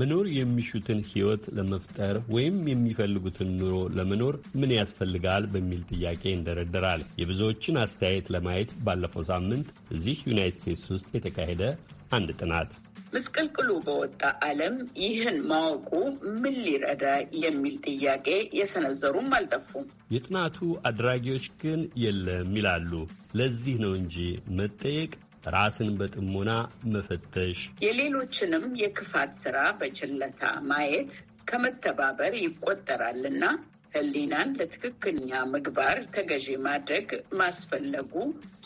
መኖር የሚሹትን ሕይወት ለመፍጠር ወይም የሚፈልጉትን ኑሮ ለመኖር ምን ያስፈልጋል በሚል ጥያቄ ይንደረደራል። የብዙዎችን አስተያየት ለማየት ባለፈው ሳምንት እዚህ ዩናይትድ ስቴትስ ውስጥ የተካሄደ አንድ ጥናት ምስቅልቅሉ በወጣ ዓለም ይህን ማወቁ ምን ሊረዳ የሚል ጥያቄ የሰነዘሩም አልጠፉም። የጥናቱ አድራጊዎች ግን የለም ይላሉ። ለዚህ ነው እንጂ መጠየቅ ራስን በጥሞና መፈተሽ፣ የሌሎችንም የክፋት ስራ በችለታ ማየት ከመተባበር ይቆጠራልና ህሊናን ለትክክለኛ ምግባር ተገዢ ማድረግ ማስፈለጉ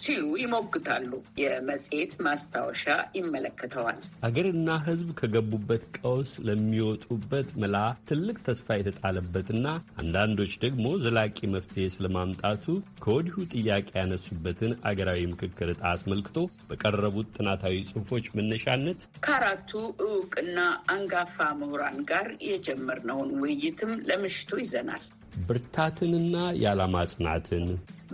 ሲሉ ይሞግታሉ። የመጽሔት ማስታወሻ ይመለከተዋል። ሀገርና ህዝብ ከገቡበት ቀውስ ለሚወጡበት መላ ትልቅ ተስፋ የተጣለበትና አንዳንዶች ደግሞ ዘላቂ መፍትሄ ስለማምጣቱ ከወዲሁ ጥያቄ ያነሱበትን አገራዊ ምክክር ዕጣ አስመልክቶ በቀረቡት ጥናታዊ ጽሑፎች መነሻነት ከአራቱ እውቅና አንጋፋ ምሁራን ጋር የጀመርነውን ውይይትም ለምሽቱ ይዘናል። ብርታትንና የዓላማ ጽናትን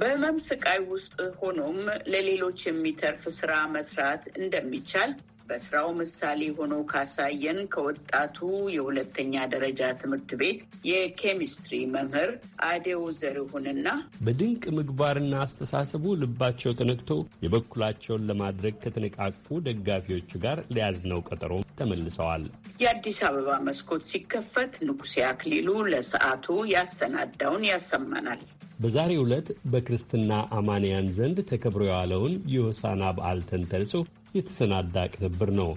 በህመም ስቃይ ውስጥ ሆኖም ለሌሎች የሚተርፍ ስራ መስራት እንደሚቻል በስራው ምሳሌ ሆኖ ካሳየን ከወጣቱ የሁለተኛ ደረጃ ትምህርት ቤት የኬሚስትሪ መምህር አዴው ዘሪሁንና በድንቅ ምግባርና አስተሳሰቡ ልባቸው ተነክቶ የበኩላቸውን ለማድረግ ከተነቃቁ ደጋፊዎቹ ጋር ለያዝነው ቀጠሮ ተመልሰዋል። የአዲስ አበባ መስኮት ሲከፈት ንጉሴ አክሊሉ ለሰዓቱ ያሰናዳውን ያሰማናል። በዛሬ ዕለት በክርስትና አማንያን ዘንድ ተከብሮ የዋለውን የሆሳና በዓል ተንተርሶ የተሰናዳ ቅንብር ነው።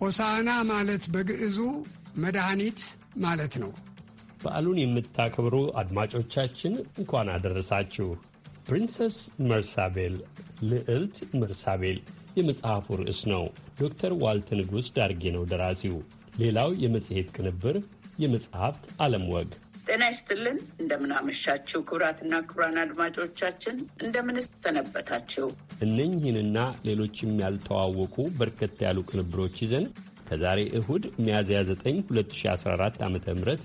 ሆሳዕና ማለት በግዕዙ መድኃኒት ማለት ነው። በዓሉን የምታከብሩ አድማጮቻችን እንኳን አደረሳችሁ። ፕሪንሰስ መርሳቤል ልዕልት መርሳቤል የመጽሐፉ ርዕስ ነው። ዶክተር ዋልት ንጉሥ ዳርጌ ነው ደራሲው። ሌላው የመጽሔት ቅንብር የመጽሐፍት ዓለም ወግ ጤና ይስጥልን። እንደምናመሻችው ክቡራትና ክቡራን አድማጮቻችን እንደምንስ ሰነበታችው። እነኝህንና ሌሎችም ያልተዋወቁ በርከት ያሉ ቅንብሮች ይዘን ከዛሬ እሁድ ሚያዝያ 9 2014 ዓ ም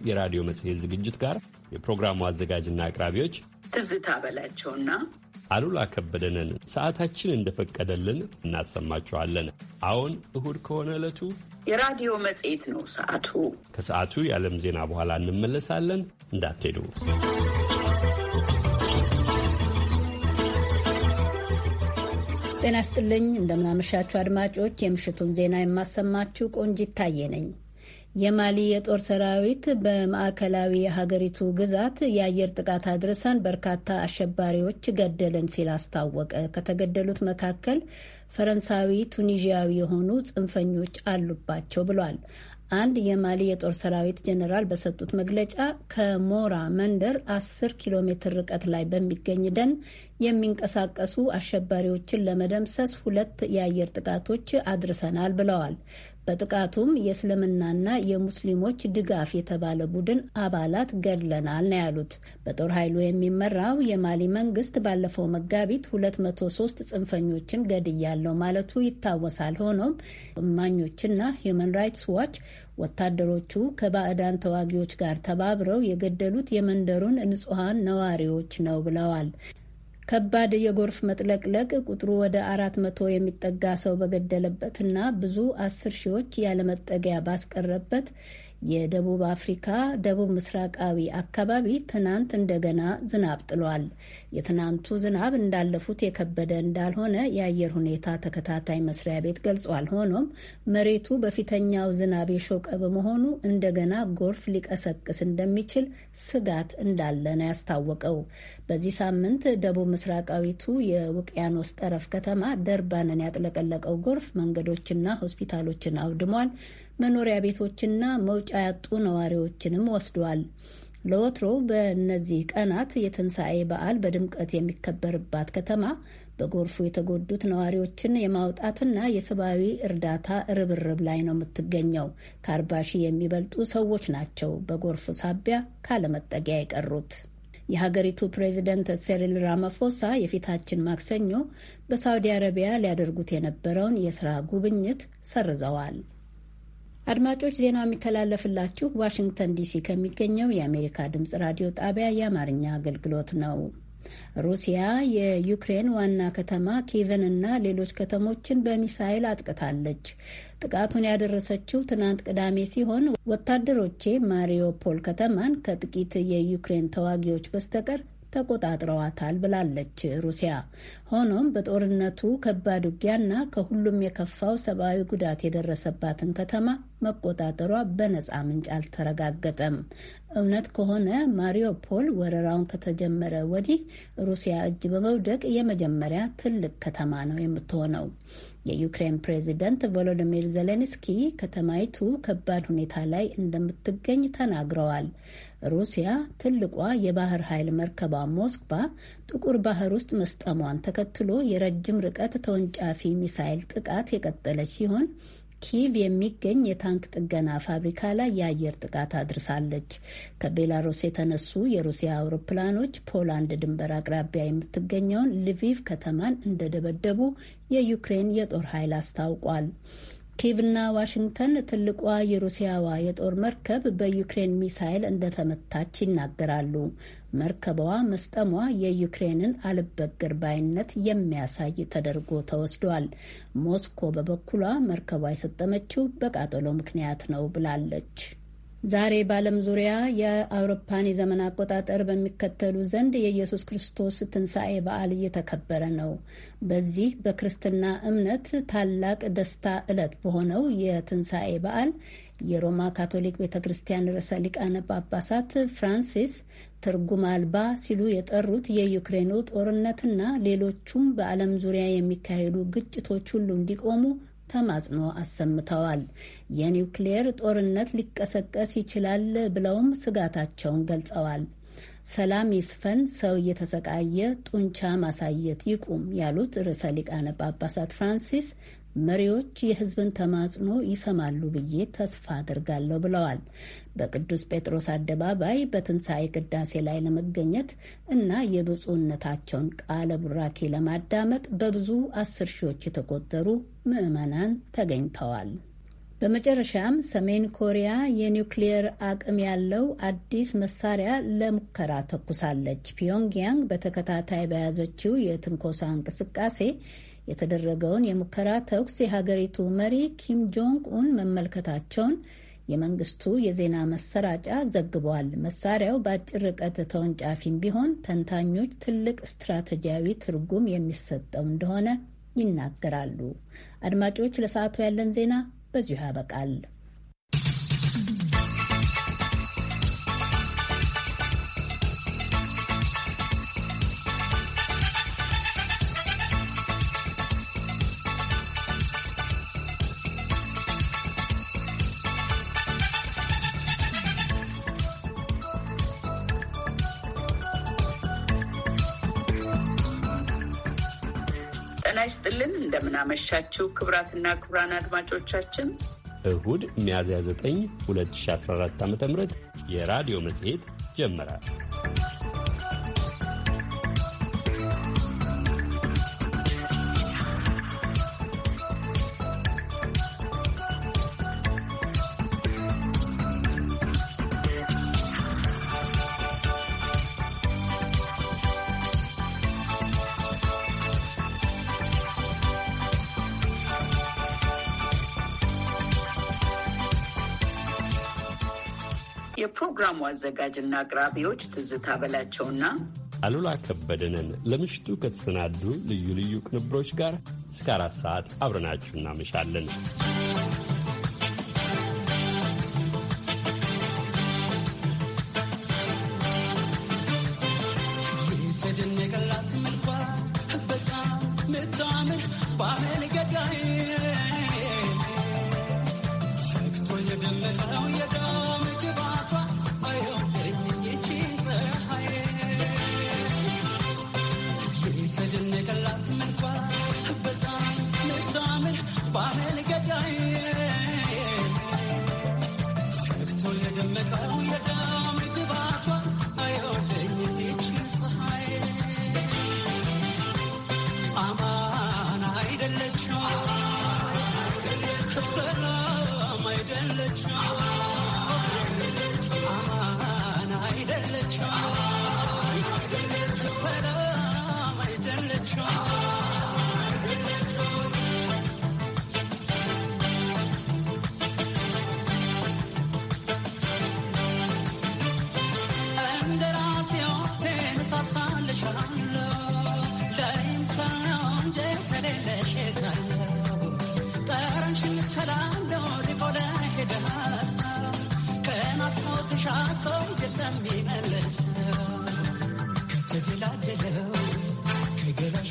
የራዲዮ መጽሔት ዝግጅት ጋር የፕሮግራሙ አዘጋጅና አቅራቢዎች ትዝታ በላቸውና አሉላ ከበደነን ሰዓታችን እንደፈቀደልን እናሰማችኋለን። አሁን እሁድ ከሆነ ዕለቱ የራዲዮ መጽሔት ነው። ሰዓቱ ከሰዓቱ የዓለም ዜና በኋላ እንመለሳለን። እንዳትሄዱ። ጤና ይስጥልኝ። እንደምናመሻችሁ አድማጮች፣ የምሽቱን ዜና የማሰማችሁ ቆንጂት ታዬ ነኝ። የማሊ የጦር ሰራዊት በማዕከላዊ የሀገሪቱ ግዛት የአየር ጥቃት አድርሰን በርካታ አሸባሪዎች ገደልን ሲል አስታወቀ። ከተገደሉት መካከል ፈረንሳዊ፣ ቱኒዥያዊ የሆኑ ጽንፈኞች አሉባቸው ብሏል። አንድ የማሊ የጦር ሰራዊት ጀኔራል በሰጡት መግለጫ ከሞራ መንደር 10 ኪሎ ሜትር ርቀት ላይ በሚገኝ ደን የሚንቀሳቀሱ አሸባሪዎችን ለመደምሰስ ሁለት የአየር ጥቃቶች አድርሰናል ብለዋል። በጥቃቱም የእስልምናና የሙስሊሞች ድጋፍ የተባለ ቡድን አባላት ገድለናል ነው ያሉት። በጦር ኃይሉ የሚመራው የማሊ መንግስት ባለፈው መጋቢት 203 ጽንፈኞችን ገድያለው ማለቱ ይታወሳል። ሆኖም እማኞችና ሂዩማን ራይትስ ዋች ወታደሮቹ ከባዕዳን ተዋጊዎች ጋር ተባብረው የገደሉት የመንደሩን ንጹሐን ነዋሪዎች ነው ብለዋል። ከባድ የጎርፍ መጥለቅለቅ ቁጥሩ ወደ አራት መቶ የሚጠጋ ሰው በገደለበትና ብዙ አስር ሺዎች ያለመጠጊያ ባስቀረበት የደቡብ አፍሪካ ደቡብ ምስራቃዊ አካባቢ ትናንት እንደገና ዝናብ ጥሏል። የትናንቱ ዝናብ እንዳለፉት የከበደ እንዳልሆነ የአየር ሁኔታ ተከታታይ መስሪያ ቤት ገልጿል። ሆኖም መሬቱ በፊተኛው ዝናብ የሾቀ በመሆኑ እንደገና ጎርፍ ሊቀሰቅስ እንደሚችል ስጋት እንዳለ ነው ያስታወቀው። በዚህ ሳምንት ደቡብ ምስራቃዊቱ የውቅያኖስ ጠረፍ ከተማ ደርባንን ያጥለቀለቀው ጎርፍ መንገዶችና ሆስፒታሎችን አውድሟል። መኖሪያ ቤቶችና መውጫ ያጡ ነዋሪዎችንም ወስዷል። ለወትሮ በእነዚህ ቀናት የትንሣኤ በዓል በድምቀት የሚከበርባት ከተማ በጎርፉ የተጎዱት ነዋሪዎችን የማውጣትና የሰብአዊ እርዳታ ርብርብ ላይ ነው የምትገኘው። ከአርባ ሺህ የሚበልጡ ሰዎች ናቸው በጎርፉ ሳቢያ ካለመጠጊያ የቀሩት። የሀገሪቱ ፕሬዚደንት ሴሪል ራማፎሳ የፊታችን ማክሰኞ በሳውዲ አረቢያ ሊያደርጉት የነበረውን የስራ ጉብኝት ሰርዘዋል። አድማጮች ዜናው የሚተላለፍላችሁ ዋሽንግተን ዲሲ ከሚገኘው የአሜሪካ ድምጽ ራዲዮ ጣቢያ የአማርኛ አገልግሎት ነው። ሩሲያ የዩክሬን ዋና ከተማ ኪቭን እና ሌሎች ከተሞችን በሚሳይል አጥቅታለች። ጥቃቱን ያደረሰችው ትናንት ቅዳሜ ሲሆን ወታደሮቼ ማሪዮፖል ከተማን ከጥቂት የዩክሬን ተዋጊዎች በስተቀር ተቆጣጥረዋታል ብላለች ሩሲያ። ሆኖም በጦርነቱ ከባድ ውጊያና ከሁሉም የከፋው ሰብአዊ ጉዳት የደረሰባትን ከተማ መቆጣጠሯ በነፃ ምንጭ አልተረጋገጠም። እውነት ከሆነ ማሪዮፖል ወረራውን ከተጀመረ ወዲህ ሩሲያ እጅ በመውደቅ የመጀመሪያ ትልቅ ከተማ ነው የምትሆነው። የዩክሬን ፕሬዚደንት ቮሎዲሚር ዜሌንስኪ ከተማይቱ ከባድ ሁኔታ ላይ እንደምትገኝ ተናግረዋል። ሩሲያ ትልቋ የባህር ኃይል መርከቧ ሞስክቫ ጥቁር ባህር ውስጥ መስጠሟን ተከትሎ የረጅም ርቀት ተወንጫፊ ሚሳይል ጥቃት የቀጠለች ሲሆን ኪቭ የሚገኝ የታንክ ጥገና ፋብሪካ ላይ የአየር ጥቃት አድርሳለች። ከቤላሩስ የተነሱ የሩሲያ አውሮፕላኖች ፖላንድ ድንበር አቅራቢያ የምትገኘውን ልቪቭ ከተማን እንደደበደቡ የዩክሬን የጦር ኃይል አስታውቋል። ኪቭና ዋሽንግተን ትልቋ የሩሲያዋ የጦር መርከብ በዩክሬን ሚሳይል እንደተመታች ይናገራሉ። መርከቧ መስጠሟ የዩክሬንን አልበገር ባይነት የሚያሳይ ተደርጎ ተወስዷል። ሞስኮ በበኩሏ መርከቧ የሰጠመችው በቃጠሎ ምክንያት ነው ብላለች። ዛሬ በዓለም ዙሪያ የአውሮፓን የዘመን አቆጣጠር በሚከተሉ ዘንድ የኢየሱስ ክርስቶስ ትንሣኤ በዓል እየተከበረ ነው። በዚህ በክርስትና እምነት ታላቅ ደስታ ዕለት በሆነው የትንሣኤ በዓል የሮማ ካቶሊክ ቤተ ክርስቲያን ርዕሰ ሊቃነ ጳጳሳት ፍራንሲስ ትርጉም አልባ ሲሉ የጠሩት የዩክሬኑ ጦርነትና ሌሎቹም በዓለም ዙሪያ የሚካሄዱ ግጭቶች ሁሉ እንዲቆሙ ተማጽኖ አሰምተዋል። የኒውክሌየር ጦርነት ሊቀሰቀስ ይችላል ብለውም ስጋታቸውን ገልጸዋል። ሰላም ይስፈን፣ ሰው እየተሰቃየ ጡንቻ ማሳየት ይቁም ያሉት ርዕሰ ሊቃነ ጳጳሳት ፍራንሲስ መሪዎች የሕዝብን ተማጽኖ ይሰማሉ ብዬ ተስፋ አድርጋለሁ ብለዋል። በቅዱስ ጴጥሮስ አደባባይ በትንሣኤ ቅዳሴ ላይ ለመገኘት እና የብፁዕነታቸውን ቃለ ቡራኬ ለማዳመጥ በብዙ አስር ሺዎች የተቆጠሩ ምዕመናን ተገኝተዋል። በመጨረሻም ሰሜን ኮሪያ የኒውክሊየር አቅም ያለው አዲስ መሳሪያ ለሙከራ ተኩሳለች። ፒዮንግያንግ በተከታታይ በያዘችው የትንኮሳ እንቅስቃሴ የተደረገውን የሙከራ ተኩስ የሀገሪቱ መሪ ኪም ጆንግ ኡን መመልከታቸውን የመንግስቱ የዜና መሰራጫ ዘግቧል። መሳሪያው በአጭር ርቀት ተወንጫፊም ቢሆን ተንታኞች ትልቅ ስትራቴጂያዊ ትርጉም የሚሰጠው እንደሆነ ይናገራሉ። አድማጮች፣ ለሰዓቱ ያለን ዜና በዚሁ ያበቃል። እንደምናመሻችው ክብራትና ክብራን አድማጮቻችን እሁድ ሚያዝያ 9 2014 ዓ ም የራዲዮ መጽሔት ጀመራል። የፕሮግራሙ አዘጋጅና አቅራቢዎች ትዝታ በላቸውና አሉላ ከበደንን ለምሽቱ ከተሰናዱ ልዩ ልዩ ቅንብሮች ጋር እስከ አራት ሰዓት አብረናችሁ እናመሻለን።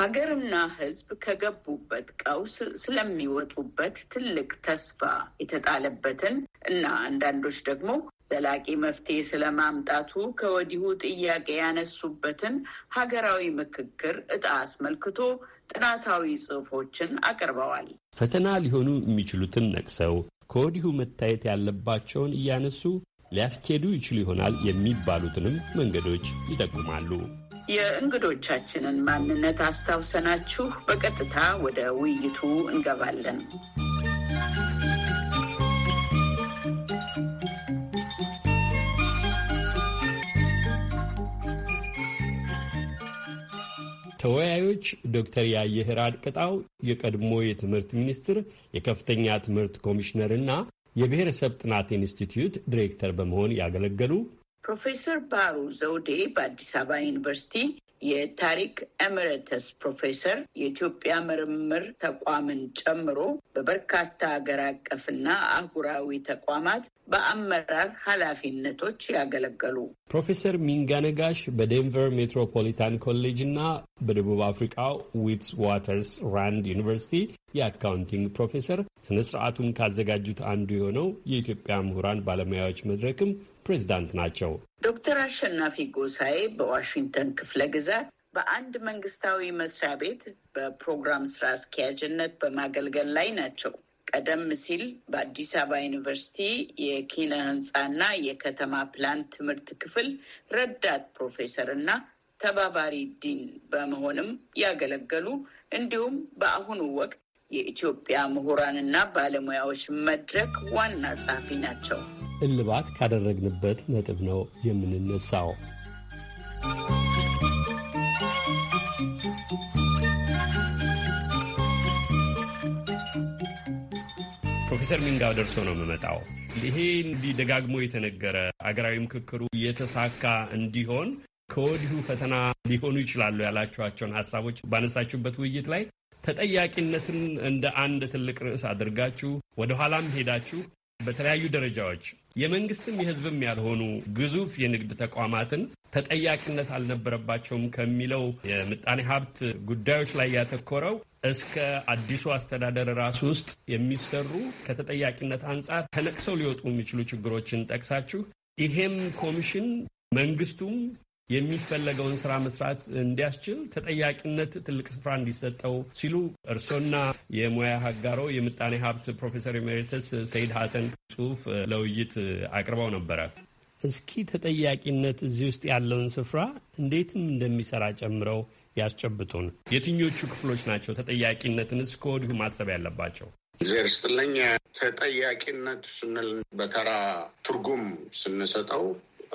ሀገርና ሕዝብ ከገቡበት ቀውስ ስለሚወጡበት ትልቅ ተስፋ የተጣለበትን እና አንዳንዶች ደግሞ ዘላቂ መፍትሄ ስለማምጣቱ ከወዲሁ ጥያቄ ያነሱበትን ሀገራዊ ምክክር ዕጣ አስመልክቶ ጥናታዊ ጽሑፎችን አቅርበዋል። ፈተና ሊሆኑ የሚችሉትን ነቅሰው ከወዲሁ መታየት ያለባቸውን እያነሱ ሊያስኬዱ ይችሉ ይሆናል የሚባሉትንም መንገዶች ይጠቁማሉ። የእንግዶቻችንን ማንነት አስታውሰናችሁ በቀጥታ ወደ ውይይቱ እንገባለን። ተወያዮች ዶክተር ያየህር ቅጣው የቀድሞ የትምህርት ሚኒስትር የከፍተኛ ትምህርት ኮሚሽነር እና የብሔረሰብ ጥናት ኢንስቲትዩት ዲሬክተር በመሆን ያገለገሉ ፕሮፌሰር ባህሩ ዘውዴ በአዲስ አበባ ዩኒቨርሲቲ የታሪክ ኤምረተስ ፕሮፌሰር የኢትዮጵያ ምርምር ተቋምን ጨምሮ በበርካታ ሀገር አቀፍና አህጉራዊ ተቋማት በአመራር ኃላፊነቶች ያገለገሉ ፕሮፌሰር ሚንጋነጋሽ በዴንቨር ሜትሮፖሊታን ኮሌጅ እና በደቡብ አፍሪካ ዊትስ ዋተርስ ራንድ ዩኒቨርሲቲ የአካውንቲንግ ፕሮፌሰር፣ ስነ ስርዓቱን ካዘጋጁት አንዱ የሆነው የኢትዮጵያ ምሁራን ባለሙያዎች መድረክም ፕሬዚዳንት ናቸው። ዶክተር አሸናፊ ጎሳዬ በዋሽንግተን ክፍለ ግዛት በአንድ መንግስታዊ መስሪያ ቤት በፕሮግራም ስራ አስኪያጅነት በማገልገል ላይ ናቸው። ቀደም ሲል በአዲስ አበባ ዩኒቨርሲቲ የኪነ ህንፃና የከተማ ፕላን ትምህርት ክፍል ረዳት ፕሮፌሰር እና ተባባሪ ዲን በመሆንም ያገለገሉ እንዲሁም በአሁኑ ወቅት የኢትዮጵያ ምሁራንና ባለሙያዎች መድረክ ዋና ጸሐፊ ናቸው። እልባት ካደረግንበት ነጥብ ነው የምንነሳው። ፕሮፌሰር ሚንጋው ደርሶ ነው የምመጣው። ይሄ እንዲህ ደጋግሞ የተነገረ አገራዊ ምክክሩ የተሳካ እንዲሆን ከወዲሁ ፈተና ሊሆኑ ይችላሉ ያላችኋቸውን ሀሳቦች ባነሳችሁበት ውይይት ላይ ተጠያቂነትን እንደ አንድ ትልቅ ርዕስ አድርጋችሁ ወደ ኋላም ሄዳችሁ በተለያዩ ደረጃዎች የመንግስትም የህዝብም ያልሆኑ ግዙፍ የንግድ ተቋማትን ተጠያቂነት አልነበረባቸውም ከሚለው የምጣኔ ሀብት ጉዳዮች ላይ ያተኮረው እስከ አዲሱ አስተዳደር ራሱ ውስጥ የሚሰሩ ከተጠያቂነት አንጻር ተነቅሰው ሊወጡ የሚችሉ ችግሮችን ጠቅሳችሁ ይሄም ኮሚሽን መንግስቱም የሚፈለገውን ስራ መስራት እንዲያስችል ተጠያቂነት ትልቅ ስፍራ እንዲሰጠው ሲሉ እርሶና የሙያ ሀጋሮ የምጣኔ ሀብት ፕሮፌሰር ኤሜሪተስ ሰይድ ሀሰን ጽሁፍ ለውይይት አቅርበው ነበረ። እስኪ ተጠያቂነት እዚህ ውስጥ ያለውን ስፍራ እንዴትም እንደሚሰራ ጨምረው ያስጨብጡን። የትኞቹ ክፍሎች ናቸው ተጠያቂነትንስ ከወዲሁ ማሰብ ያለባቸው? እግዜር ተጠያቂነት ስንል በተራ ትርጉም ስንሰጠው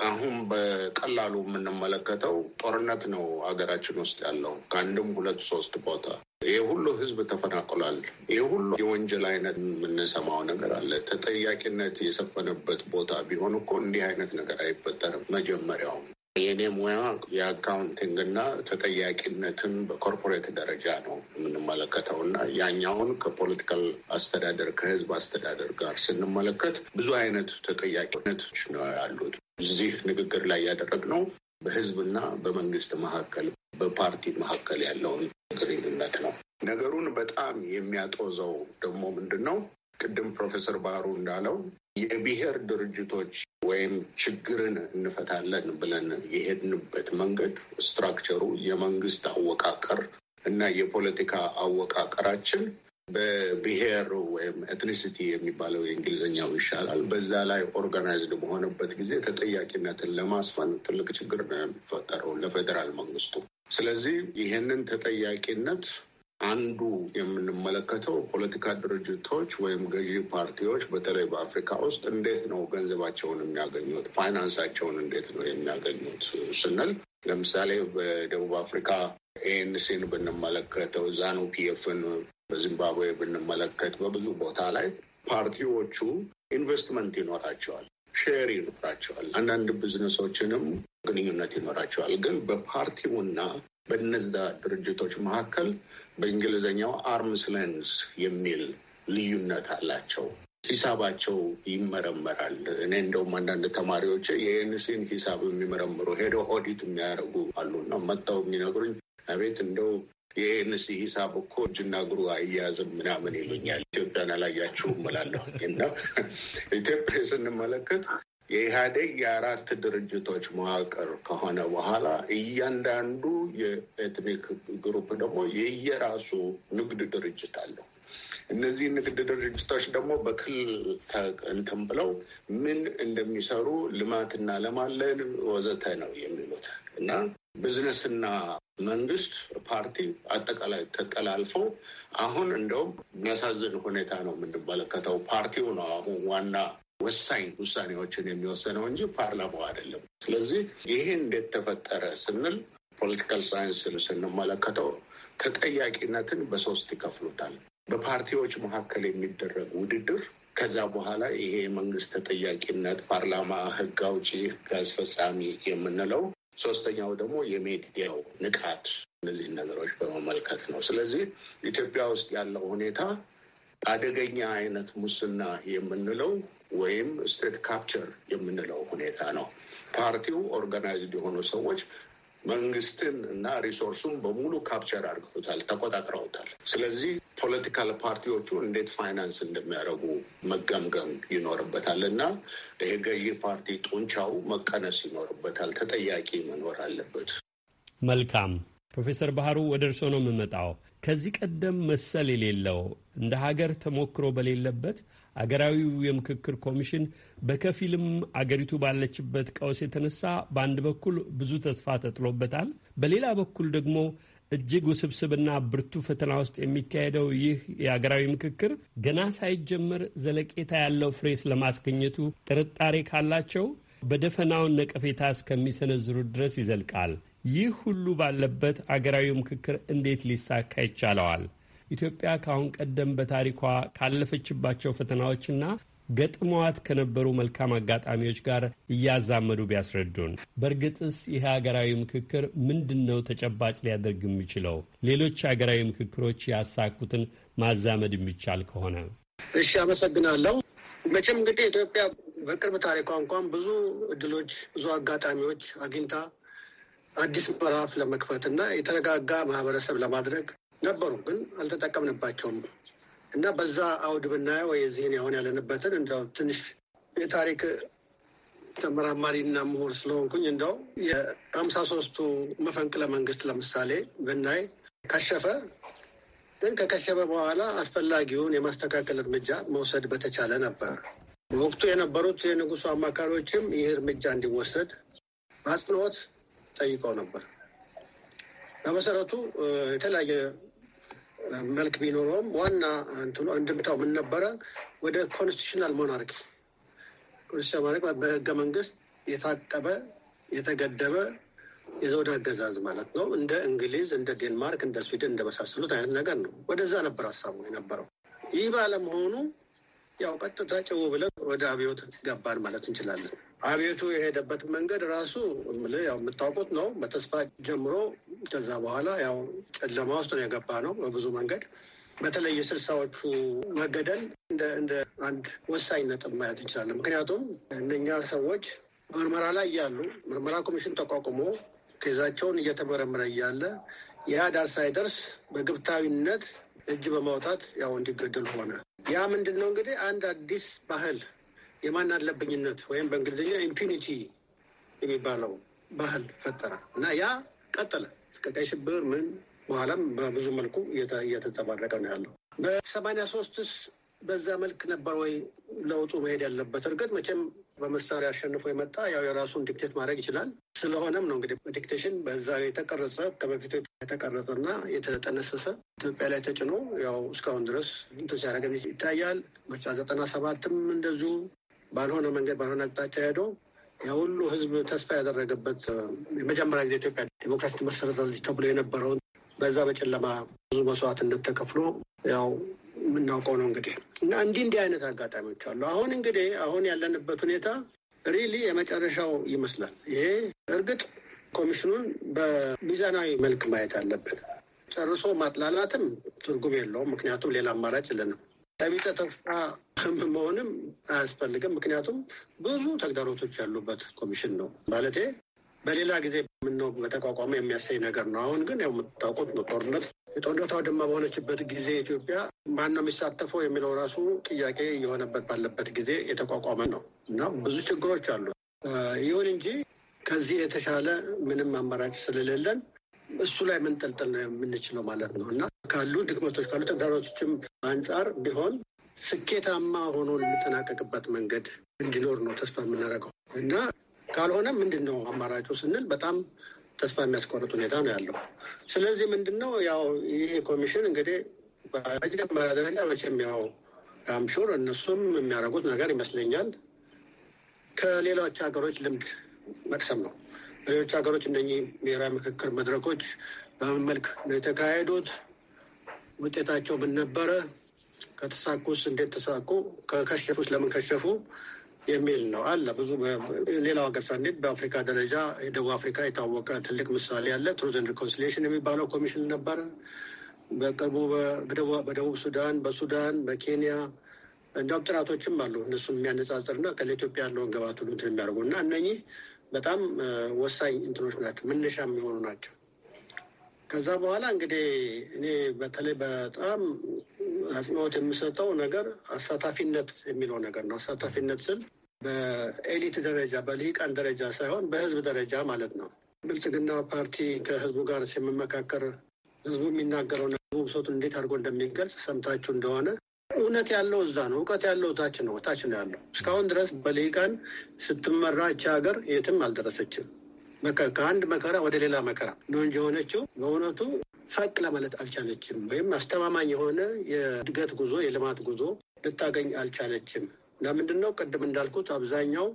አሁን በቀላሉ የምንመለከተው ጦርነት ነው ሀገራችን ውስጥ ያለው ከአንድም ሁለት ሶስት ቦታ። ይህ ሁሉ ህዝብ ተፈናቅሏል። ይህ ሁሉ የወንጀል አይነት የምንሰማው ነገር አለ። ተጠያቂነት የሰፈነበት ቦታ ቢሆን እኮ እንዲህ አይነት ነገር አይፈጠርም። መጀመሪያውም የእኔ ሙያ የአካውንቲንግ እና ተጠያቂነትን በኮርፖሬት ደረጃ ነው የምንመለከተው እና ያኛውን ከፖለቲካል አስተዳደር ከህዝብ አስተዳደር ጋር ስንመለከት ብዙ አይነት ተጠያቂነቶች ነው ያሉት። እዚህ ንግግር ላይ ያደረግነው በህዝብና በመንግስት መካከል በፓርቲ መካከል ያለውን ግንኙነት ነው። ነገሩን በጣም የሚያጦዘው ደግሞ ምንድን ነው? ቅድም ፕሮፌሰር ባህሩ እንዳለው የብሔር ድርጅቶች ወይም ችግርን እንፈታለን ብለን የሄድንበት መንገድ ስትራክቸሩ፣ የመንግስት አወቃቀር እና የፖለቲካ አወቃቀራችን በብሔር ወይም ኤትኒሲቲ የሚባለው የእንግሊዝኛው ይሻላል። በዛ ላይ ኦርጋናይዝድ በሆነበት ጊዜ ተጠያቂነትን ለማስፈን ትልቅ ችግር ነው የሚፈጠረው ለፌዴራል መንግስቱ። ስለዚህ ይህንን ተጠያቂነት አንዱ የምንመለከተው ፖለቲካ ድርጅቶች ወይም ገዢ ፓርቲዎች በተለይ በአፍሪካ ውስጥ እንዴት ነው ገንዘባቸውን የሚያገኙት፣ ፋይናንሳቸውን እንዴት ነው የሚያገኙት ስንል ለምሳሌ በደቡብ አፍሪካ ኤንሲን ብንመለከተው ዛኑ ፒኤፍን በዚምባብዌ ብንመለከት በብዙ ቦታ ላይ ፓርቲዎቹ ኢንቨስትመንት ይኖራቸዋል፣ ሼር ይኖራቸዋል፣ አንዳንድ ቢዝነሶችንም ግንኙነት ይኖራቸዋል። ግን በፓርቲውና በነዛ ድርጅቶች መካከል በእንግሊዝኛው አርምስ ሌንስ የሚል ልዩነት አላቸው። ሂሳባቸው ይመረመራል። እኔ እንደውም አንዳንድ ተማሪዎች የኤንሲን ሂሳብ የሚመረምሩ ሄደው ኦዲት የሚያደርጉ አሉና መጥተው የሚነግሩኝ አቤት እንደው የኤንሲ ሂሳብ እኮ እጅና እግሩ አያያዝም ምናምን ይሉኛል። ኢትዮጵያን አላያችሁም እላለሁ እና ኢትዮጵያ ስንመለከት የኢህአዴግ የአራት ድርጅቶች መዋቅር ከሆነ በኋላ እያንዳንዱ የኤትኒክ ግሩፕ ደግሞ የየራሱ ንግድ ድርጅት አለው። እነዚህ ንግድ ድርጅቶች ደግሞ በክልል እንትን ብለው ምን እንደሚሰሩ ልማትና ለማለን ወዘተ ነው የሚሉት እና ቢዝነስና መንግስት ፓርቲ አጠቃላይ ተጠላልፈው አሁን እንደውም የሚያሳዝን ሁኔታ ነው የምንመለከተው። ፓርቲው ነው አሁን ዋና ወሳኝ ውሳኔዎችን የሚወሰነው እንጂ ፓርላማው አይደለም። ስለዚህ ይሄ እንዴት ተፈጠረ ስንል ፖለቲካል ሳይንስ ስንመለከተው ተጠያቂነትን በሶስት ይከፍሉታል። በፓርቲዎች መካከል የሚደረግ ውድድር ከዛ በኋላ ይሄ የመንግስት ተጠያቂነት ፓርላማ፣ ህግ አውጪ፣ ህግ አስፈጻሚ የምንለው ሶስተኛው ደግሞ የሚዲያው ንቃት እነዚህን ነገሮች በመመልከት ነው። ስለዚህ ኢትዮጵያ ውስጥ ያለው ሁኔታ አደገኛ አይነት ሙስና የምንለው ወይም ስቴት ካፕቸር የምንለው ሁኔታ ነው። ፓርቲው ኦርጋናይዝድ የሆኑ ሰዎች መንግስትን እና ሪሶርሱን በሙሉ ካፕቸር አድርገውታል፣ ተቆጣጥረውታል። ስለዚህ ፖለቲካል ፓርቲዎቹ እንዴት ፋይናንስ እንደሚያደርጉ መገምገም ይኖርበታል እና ይሄ ገዢ ፓርቲ ጡንቻው መቀነስ ይኖርበታል፣ ተጠያቂ መኖር አለበት። መልካም ፕሮፌሰር ባህሩ ወደ እርስዎ ነው የምመጣው። ከዚህ ቀደም መሰል የሌለው እንደ ሀገር ተሞክሮ በሌለበት አገራዊው የምክክር ኮሚሽን በከፊልም አገሪቱ ባለችበት ቀውስ የተነሳ በአንድ በኩል ብዙ ተስፋ ተጥሎበታል፣ በሌላ በኩል ደግሞ እጅግ ውስብስብና ብርቱ ፈተና ውስጥ የሚካሄደው ይህ የአገራዊ ምክክር ገና ሳይጀመር ዘለቄታ ያለው ፍሬስ ለማስገኘቱ ጥርጣሬ ካላቸው በደፈናውን ነቀፌታ እስከሚሰነዝሩ ድረስ ይዘልቃል። ይህ ሁሉ ባለበት አገራዊ ምክክር እንዴት ሊሳካ ይቻለዋል? ኢትዮጵያ ከአሁን ቀደም በታሪኳ ካለፈችባቸው ፈተናዎችና ገጥመዋት ከነበሩ መልካም አጋጣሚዎች ጋር እያዛመዱ ቢያስረዱን። በእርግጥስ ይህ ሀገራዊ ምክክር ምንድን ነው ተጨባጭ ሊያደርግ የሚችለው? ሌሎች ሀገራዊ ምክክሮች ያሳኩትን ማዛመድ የሚቻል ከሆነ። እሺ፣ አመሰግናለሁ። መቼም እንግዲህ ኢትዮጵያ በቅርብ ታሪኳ እንኳን ብዙ እድሎች፣ ብዙ አጋጣሚዎች አግኝታ አዲስ ምዕራፍ ለመክፈት እና የተረጋጋ ማህበረሰብ ለማድረግ ነበሩ፣ ግን አልተጠቀምንባቸውም እና በዛ አውድ ብናየው ዚህን አሁን ያለንበትን እንደው ትንሽ የታሪክ ተመራማሪና ምሁር ስለሆንኩኝ እንደው የሀምሳ ሶስቱ መፈንቅለ መንግስት ለምሳሌ ብናይ ከሸፈ ግን ከከሸፈ በኋላ አስፈላጊውን የማስተካከል እርምጃ መውሰድ በተቻለ ነበር። በወቅቱ የነበሩት የንጉሱ አማካሪዎችም ይህ እርምጃ እንዲወሰድ በአጽንኦት ጠይቀው ነበር። በመሰረቱ የተለያየ መልክ ቢኖረውም ዋና እንትኑ እንድምታው ምን ነበረ? ወደ ኮንስቲቱሽናል ሞናርኪ ኮንስቲቱሽናል ሞናርኪ በህገ መንግስት የታጠበ የተገደበ የዘውድ አገዛዝ ማለት ነው። እንደ እንግሊዝ፣ እንደ ዴንማርክ፣ እንደ ስዊድን እንደመሳሰሉት አይነት ነገር ነው። ወደዛ ነበር ሀሳቡ የነበረው። ይህ ባለመሆኑ ያው ቀጥታ ጨው ብለን ወደ አብዮት ገባን ማለት እንችላለን። አቤቱ የሄደበት መንገድ ራሱ ያው የምታውቁት ነው። በተስፋ ጀምሮ ከዛ በኋላ ያው ጨለማ ውስጥ ነው የገባ ነው በብዙ መንገድ በተለይ ስልሳዎቹ መገደል እንደ አንድ ወሳኝ ነጥብ ማየት እንችላለን። ምክንያቱም እነኛ ሰዎች ምርመራ ላይ ያሉ ምርመራ ኮሚሽን ተቋቁሞ ኬዛቸውን እየተመረመረ እያለ ያ ዳር ሳይደርስ በግብታዊነት እጅ በማውጣት ያው እንዲገደሉ ሆነ። ያ ምንድን ነው እንግዲህ አንድ አዲስ ባህል የማን አለብኝነት ወይም በእንግሊዝኛ ኢምፒኒቲ የሚባለው ባህል ፈጠረ እና ያ ቀጠለ። ቀይ ሽብር ምን በኋላም በብዙ መልኩ እየተንጸባረቀ ነው ያለው። በሰማንያ ሶስትስ በዛ መልክ ነበር ወይ ለውጡ መሄድ ያለበት? እርግጥ መቼም በመሳሪያ አሸንፎ የመጣ ያው የራሱን ዲክቴት ማድረግ ይችላል። ስለሆነም ነው እንግዲህ ዲክቴሽን በዛ የተቀረጸ ከበፊቱ የተቀረጸና የተጠነሰሰ ኢትዮጵያ ላይ ተጭኖ ያው እስካሁን ድረስ እንትን ሲያደርገን ይታያል። ምርጫ ዘጠና ሰባትም እንደዚሁ ባልሆነ መንገድ ባልሆነ አቅጣጫ ሄዶ የሁሉ ህዝብ ተስፋ ያደረገበት የመጀመሪያ ጊዜ ኢትዮጵያ ዲሞክራሲ መሰረታለች ተብሎ የነበረውን በዛ በጨለማ ብዙ መስዋዕትነት ተከፍሎ ያው የምናውቀው ነው እንግዲህ እና እንዲህ እንዲህ አይነት አጋጣሚዎች አሉ። አሁን እንግዲህ አሁን ያለንበት ሁኔታ ሪሊ የመጨረሻው ይመስላል። ይሄ እርግጥ ኮሚሽኑን በሚዛናዊ መልክ ማየት አለብን። ጨርሶ ማጥላላትም ትርጉም የለውም። ምክንያቱም ሌላ አማራጭ የለንም። ቀቢጸ ተስፋ መሆንም አያስፈልግም። ምክንያቱም ብዙ ተግዳሮቶች ያሉበት ኮሚሽን ነው ማለቴ በሌላ ጊዜ ምነው በተቋቋመ የሚያሳይ ነገር ነው። አሁን ግን ያው የምታውቁት ነው ጦርነት የጦርነቷ ደማ በሆነችበት ጊዜ ኢትዮጵያ ማነው የሚሳተፈው የሚለው ራሱ ጥያቄ የሆነበት ባለበት ጊዜ የተቋቋመ ነው እና ብዙ ችግሮች አሉ። ይሁን እንጂ ከዚህ የተሻለ ምንም አማራጭ ስለሌለን እሱ ላይ መንጠልጠል ነው የምንችለው ማለት ነው እና ካሉ ድክመቶች ካሉ ተግዳሮቶችም አንጻር ቢሆን ስኬታማ ሆኖ የምጠናቀቅበት መንገድ እንዲኖር ነው ተስፋ የምናደርገው እና ካልሆነ ምንድን ነው አማራጩ ስንል በጣም ተስፋ የሚያስቆርጥ ሁኔታ ነው ያለው። ስለዚህ ምንድን ነው ያው ይሄ ኮሚሽን እንግዲህ በመጀመሪያ ደረጃ መቼም ያው አምሹር እነሱም የሚያደርጉት ነገር ይመስለኛል ከሌሎች ሀገሮች ልምድ መቅሰም ነው። ሌሎች ሀገሮች እነኚህ ብሔራዊ ምክክር መድረኮች በምን መልክ ነው የተካሄዱት? ውጤታቸው ምን ነበረ? ከተሳኩስ እንዴት ተሳኩ? ከከሸፉስ ለምን ከሸፉ? የሚል ነው አለ። ብዙ ሌላው ሀገር ሳንሄድ በአፍሪካ ደረጃ የደቡብ አፍሪካ የታወቀ ትልቅ ምሳሌ አለ። ትሩዝ ኤንድ የሚባለው ኮሚሽን ነበረ። በቅርቡ በደቡብ ሱዳን፣ በሱዳን፣ በኬንያ እንዲሁም ጥናቶችም አሉ እነሱን የሚያነጻጽርና ከኢትዮጵያ ያለውን ገባት ሁሉ የሚያደርጉ እና እነኚህ በጣም ወሳኝ እንትኖች ናቸው፣ መነሻ የሚሆኑ ናቸው። ከዛ በኋላ እንግዲህ እኔ በተለይ በጣም አጽንኦት የምሰጠው ነገር አሳታፊነት የሚለው ነገር ነው። አሳታፊነት ስል በኤሊት ደረጃ በልሂቃን ደረጃ ሳይሆን በህዝብ ደረጃ ማለት ነው። ብልጽግና ፓርቲ ከህዝቡ ጋር ሲመመካከር ህዝቡ የሚናገረው ነ ብሶቱን እንዴት አድርጎ እንደሚገልጽ ሰምታችሁ እንደሆነ እውነት ያለው እዛ ነው። እውቀት ያለው ታች ነው ታች ነው ያለው። እስካሁን ድረስ በልሂቃን ስትመራ እቺ ሀገር የትም አልደረሰችም። ከአንድ መከራ ወደ ሌላ መከራ ነው እንጂ የሆነችው በእውነቱ ፈቅ ለማለት አልቻለችም። ወይም አስተማማኝ የሆነ የእድገት ጉዞ የልማት ጉዞ ልታገኝ አልቻለችም። ለምንድን ነው ቅድም እንዳልኩት አብዛኛው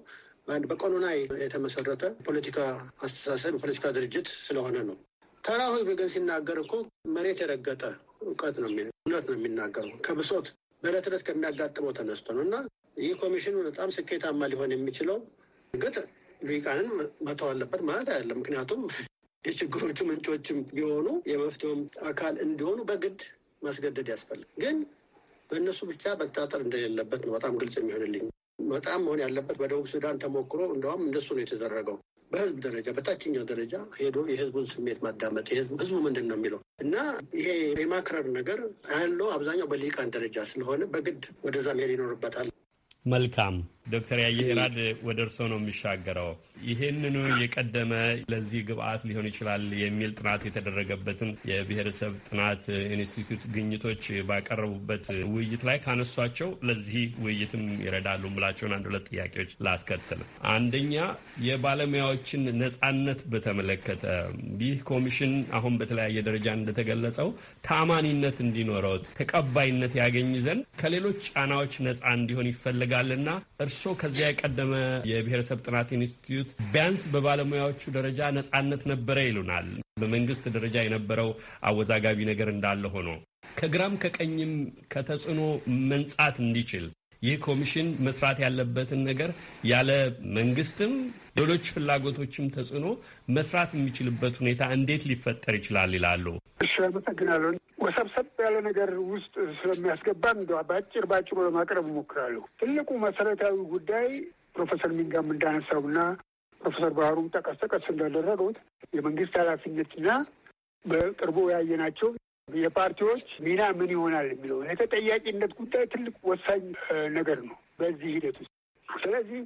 በአንድ በቀኖና የተመሰረተ ፖለቲካ አስተሳሰብ ፖለቲካ ድርጅት ስለሆነ ነው። ተራ ሕዝብ ግን ሲናገር እኮ መሬት የረገጠ እውቀት ነው እውነት ነው የሚናገረው። ከብሶት በእለት እለት ከሚያጋጥመው ተነስቶ ነው እና ይህ ኮሚሽን በጣም ስኬታማ ሊሆን የሚችለው እርግጥ ልሂቃንን መተው አለበት ማለት አይደለም። ምክንያቱም የችግሮቹ ምንጮችም ቢሆኑ የመፍትሄውም አካል እንዲሆኑ በግድ ማስገደድ ያስፈልግ። ግን በእነሱ ብቻ መታጠር እንደሌለበት ነው በጣም ግልጽ የሚሆንልኝ። በጣም መሆን ያለበት በደቡብ ሱዳን ተሞክሮ እንደውም እንደሱ ነው የተደረገው። በህዝብ ደረጃ በታችኛው ደረጃ ሄዶ የህዝቡን ስሜት ማዳመጥ ህዝቡ ምንድን ነው የሚለው እና ይሄ የማክረር ነገር ያለው አብዛኛው በሊቃን ደረጃ ስለሆነ በግድ ወደዛ መሄድ ይኖርበታል። መልካም ዶክተር ራድ ወደ እርስዎ ነው የሚሻገረው። ይህንኑ የቀደመ ለዚህ ግብአት ሊሆን ይችላል የሚል ጥናት የተደረገበትን የብሔረሰብ ጥናት ኢንስቲትዩት ግኝቶች ባቀረቡበት ውይይት ላይ ካነሷቸው ለዚህ ውይይትም ይረዳሉ ብላቸውን አንድ ሁለት ጥያቄዎች ላስከትል። አንደኛ የባለሙያዎችን ነጻነት በተመለከተ ይህ ኮሚሽን አሁን በተለያየ ደረጃ እንደተገለጸው ታማኒነት እንዲኖረው ተቀባይነት ያገኝ ዘንድ ከሌሎች ጫናዎች ነጻ እንዲሆን ይፈልጋልና እርስዎ ከዚያ የቀደመ የብሔረሰብ ጥናት ኢንስቲትዩት ቢያንስ በባለሙያዎቹ ደረጃ ነጻነት ነበረ ይሉናል። በመንግስት ደረጃ የነበረው አወዛጋቢ ነገር እንዳለ ሆኖ ከግራም ከቀኝም ከተጽዕኖ መንጻት እንዲችል ይህ ኮሚሽን መስራት ያለበትን ነገር ያለ መንግስትም ሌሎች ፍላጎቶችም ተጽዕኖ መስራት የሚችልበት ሁኔታ እንዴት ሊፈጠር ይችላል ይላሉ። እሺ፣ አመሰግናለሁ። ወሰብሰብ ያለ ነገር ውስጥ ስለሚያስገባ እንደ በአጭር በአጭሩ ለማቅረብ እሞክራለሁ። ትልቁ መሰረታዊ ጉዳይ ፕሮፌሰር ሚንጋም እንዳነሳውና ፕሮፌሰር ባህሩም ጠቀስ ጠቀስ እንዳደረጉት የመንግስት ኃላፊነትና በቅርቡ ያየናቸው የፓርቲዎች ሚና ምን ይሆናል የሚለው የተጠያቂነት ጉዳይ ትልቅ ወሳኝ ነገር ነው በዚህ ሂደት ውስጥ። ስለዚህ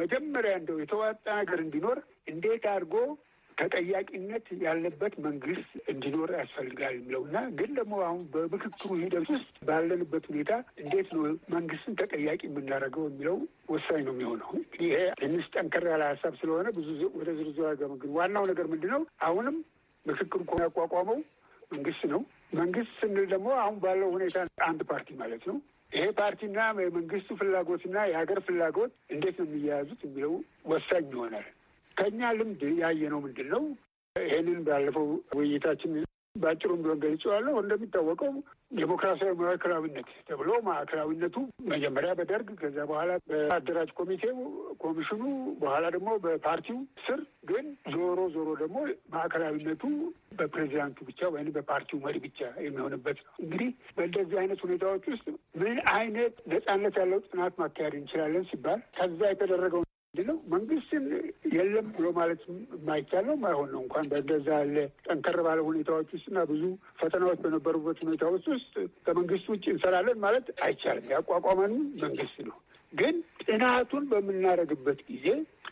መጀመሪያ እንደው የተዋጣ ነገር እንዲኖር እንዴት አድርጎ ተጠያቂነት ያለበት መንግስት እንዲኖር ያስፈልጋል የሚለው እና ግን ደግሞ አሁን በምክክሩ ሂደት ውስጥ ባለንበት ሁኔታ እንዴት ነው መንግስትን ተጠያቂ የምናደርገው የሚለው ወሳኝ ነው የሚሆነው። ይሄ ትንሽ ጠንከር ያለ ሀሳብ ስለሆነ ብዙ ወደ ዝርዝር ገመግን ዋናው ነገር ምንድን ነው አሁንም ምክክሩ ያቋቋመው መንግስት ነው። መንግስት ስንል ደግሞ አሁን ባለው ሁኔታ አንድ ፓርቲ ማለት ነው። ይሄ ፓርቲና የመንግስቱ ፍላጎትና የሀገር ፍላጎት እንዴት ነው የሚያያዙት የሚለው ወሳኝ ይሆናል። ከእኛ ልምድ ያየነው ምንድን ነው? ይህንን ባለፈው ውይይታችን በአጭሩም ቢሆን ገልጬዋለሁ። እንደሚታወቀው ዴሞክራሲያዊ ማዕከላዊነት ተብሎ ማዕከላዊነቱ መጀመሪያ በደርግ ከዛ በኋላ በአደራጅ ኮሚቴው፣ ኮሚሽኑ በኋላ ደግሞ በፓርቲው ስር ግን ዞሮ ዞሮ ደግሞ ማዕከላዊነቱ በፕሬዚዳንቱ ብቻ ወይም በፓርቲው መሪ ብቻ የሚሆንበት ነው። እንግዲህ በእንደዚህ አይነት ሁኔታዎች ውስጥ ምን አይነት ነጻነት ያለው ጥናት ማካሄድ እንችላለን ሲባል ከዛ የተደረገው ምንድነው መንግስትን የለም ብሎ ማለት የማይቻለው ነው፣ ማይሆን ነው። እንኳን በእንደዛ ያለ ጠንከር ባለ ሁኔታዎች እና ብዙ ፈተናዎች በነበሩበት ሁኔታዎች ውስጥ ከመንግስት ውጭ እንሰራለን ማለት አይቻልም። ያቋቋመን መንግስት ነው። ግን ጥናቱን በምናደርግበት ጊዜ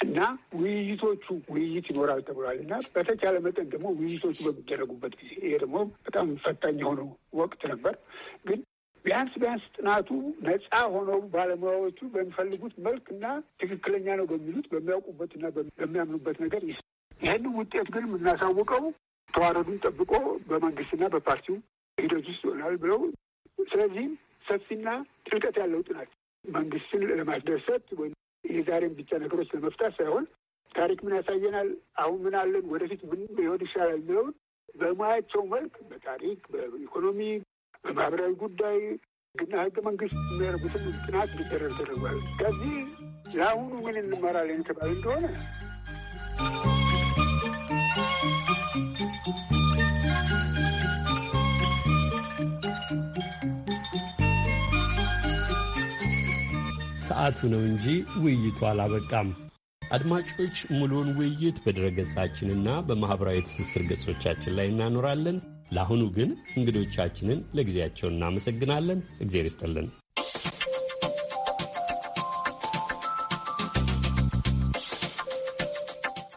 እና ውይይቶቹ ውይይት ይኖራል ተብሏል እና በተቻለ መጠን ደግሞ ውይይቶቹ በሚደረጉበት ጊዜ ይሄ ደግሞ በጣም ፈታኝ የሆነ ወቅት ነበር። ግን ቢያንስ ቢያንስ ጥናቱ ነፃ ሆነው ባለሙያዎቹ በሚፈልጉት መልክና ትክክለኛ ነው በሚሉት በሚያውቁበትና በሚያምኑበት ነገር ይስ ይህን ውጤት ግን የምናሳውቀው ተዋረዱን ጠብቆ በመንግስትና በፓርቲው ሂደት ውስጥ ይሆናል ብለው ስለዚህም ሰፊና ጥልቀት ያለው ጥናት መንግስትን ለማስደሰት ወይም የዛሬን ብቻ ነገሮች ለመፍታት ሳይሆን ታሪክ ምን ያሳየናል፣ አሁን ምን አለን፣ ወደፊት ምን ሊሆን ይሻላል የሚለውን በሙያቸው መልክ በታሪክ በኢኮኖሚ በማህበራዊ ጉዳይ ግን ህገ መንግስት የሚያደርጉትም ጥናት ሊደረግ ተደርጓል። ከዚህ ለአሁኑ ምን እንመራለን የተባለ እንደሆነ ሰዓቱ ነው እንጂ ውይይቱ አላበቃም። አድማጮች፣ ሙሉውን ውይይት በድረገጻችንና በማኅበራዊ ትስስር ገጾቻችን ላይ እናኖራለን። ለአሁኑ ግን እንግዶቻችንን ለጊዜያቸው እናመሰግናለን። እግዜር ይስጥልን።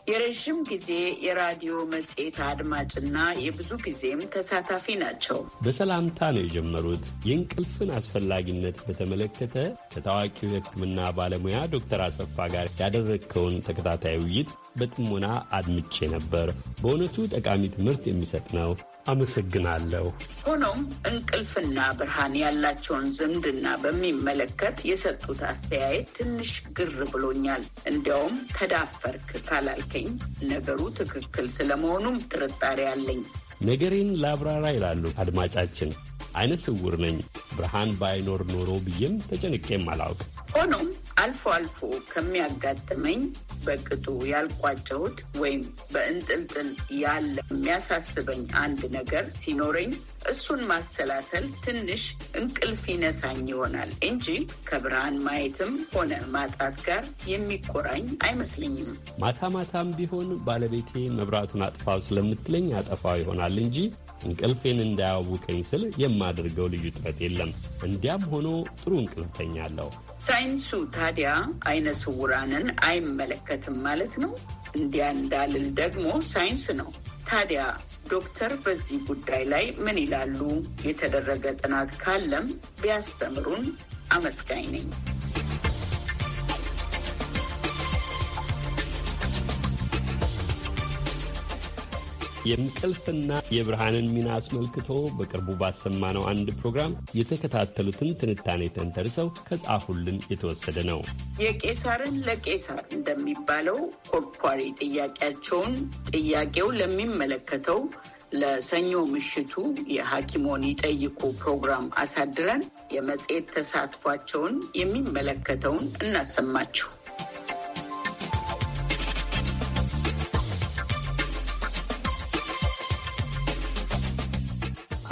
የረዥም ጊዜ የራዲዮ መጽሔት አድማጭና የብዙ ጊዜም ተሳታፊ ናቸው። በሰላምታ ነው የጀመሩት። የእንቅልፍን አስፈላጊነት በተመለከተ ከታዋቂው የሕክምና ባለሙያ ዶክተር አሰፋ ጋር ያደረግከውን ተከታታይ ውይይት በጥሞና አድምጬ ነበር። በእውነቱ ጠቃሚ ትምህርት የሚሰጥ ነው። አመሰግናለሁ። ሆኖም እንቅልፍና ብርሃን ያላቸውን ዝምድና በሚመለከት የሰጡት አስተያየት ትንሽ ግር ብሎኛል። እንዲያውም ተዳፈርክ ካላልከኝ ነገሩ ትክክል ስለመሆኑም ጥርጣሬ አለኝ። ነገሬን ላብራራ ይላሉ አድማጫችን። አይነ ስውር ነኝ። ብርሃን ባይኖር ኖሮ ብዬም ተጨንቄም አላውቅ። ሆኖም አልፎ አልፎ ከሚያጋጥመኝ በቅጡ ያልቋጨሁት ወይም በእንጥልጥል ያለ የሚያሳስበኝ አንድ ነገር ሲኖረኝ እሱን ማሰላሰል ትንሽ እንቅልፍ ይነሳኝ ይሆናል እንጂ ከብርሃን ማየትም ሆነ ማጣት ጋር የሚቆራኝ አይመስለኝም። ማታ ማታም ቢሆን ባለቤቴ መብራቱን አጥፋው ስለምትለኝ አጠፋው ይሆናል እንጂ እንቅልፌን እንዳያውቀኝ ስል የማደርገው ልዩ ጥረት የለም። እንዲያም ሆኖ ጥሩ እንቅልፍ ተኛለሁ። ሳይንሱ ታዲያ አይነ ስውራንን አይመለከትም ማለት ነው? እንዲያ እንዳልል ደግሞ ሳይንስ ነው። ታዲያ ዶክተር በዚህ ጉዳይ ላይ ምን ይላሉ? የተደረገ ጥናት ካለም ቢያስተምሩን አመስጋኝ ነኝ። የእንቅልፍና የብርሃንን ሚና አስመልክቶ በቅርቡ ባሰማነው አንድ ፕሮግራም የተከታተሉትን ትንታኔ ተንተርሰው ከጻፉልን የተወሰደ ነው። የቄሳርን ለቄሳር እንደሚባለው ኮርፖሬ ጥያቄያቸውን ጥያቄው ለሚመለከተው ለሰኞ ምሽቱ የሐኪሞን ይጠይቁ ፕሮግራም አሳድረን የመጽሔት ተሳትፏቸውን የሚመለከተውን እናሰማችሁ።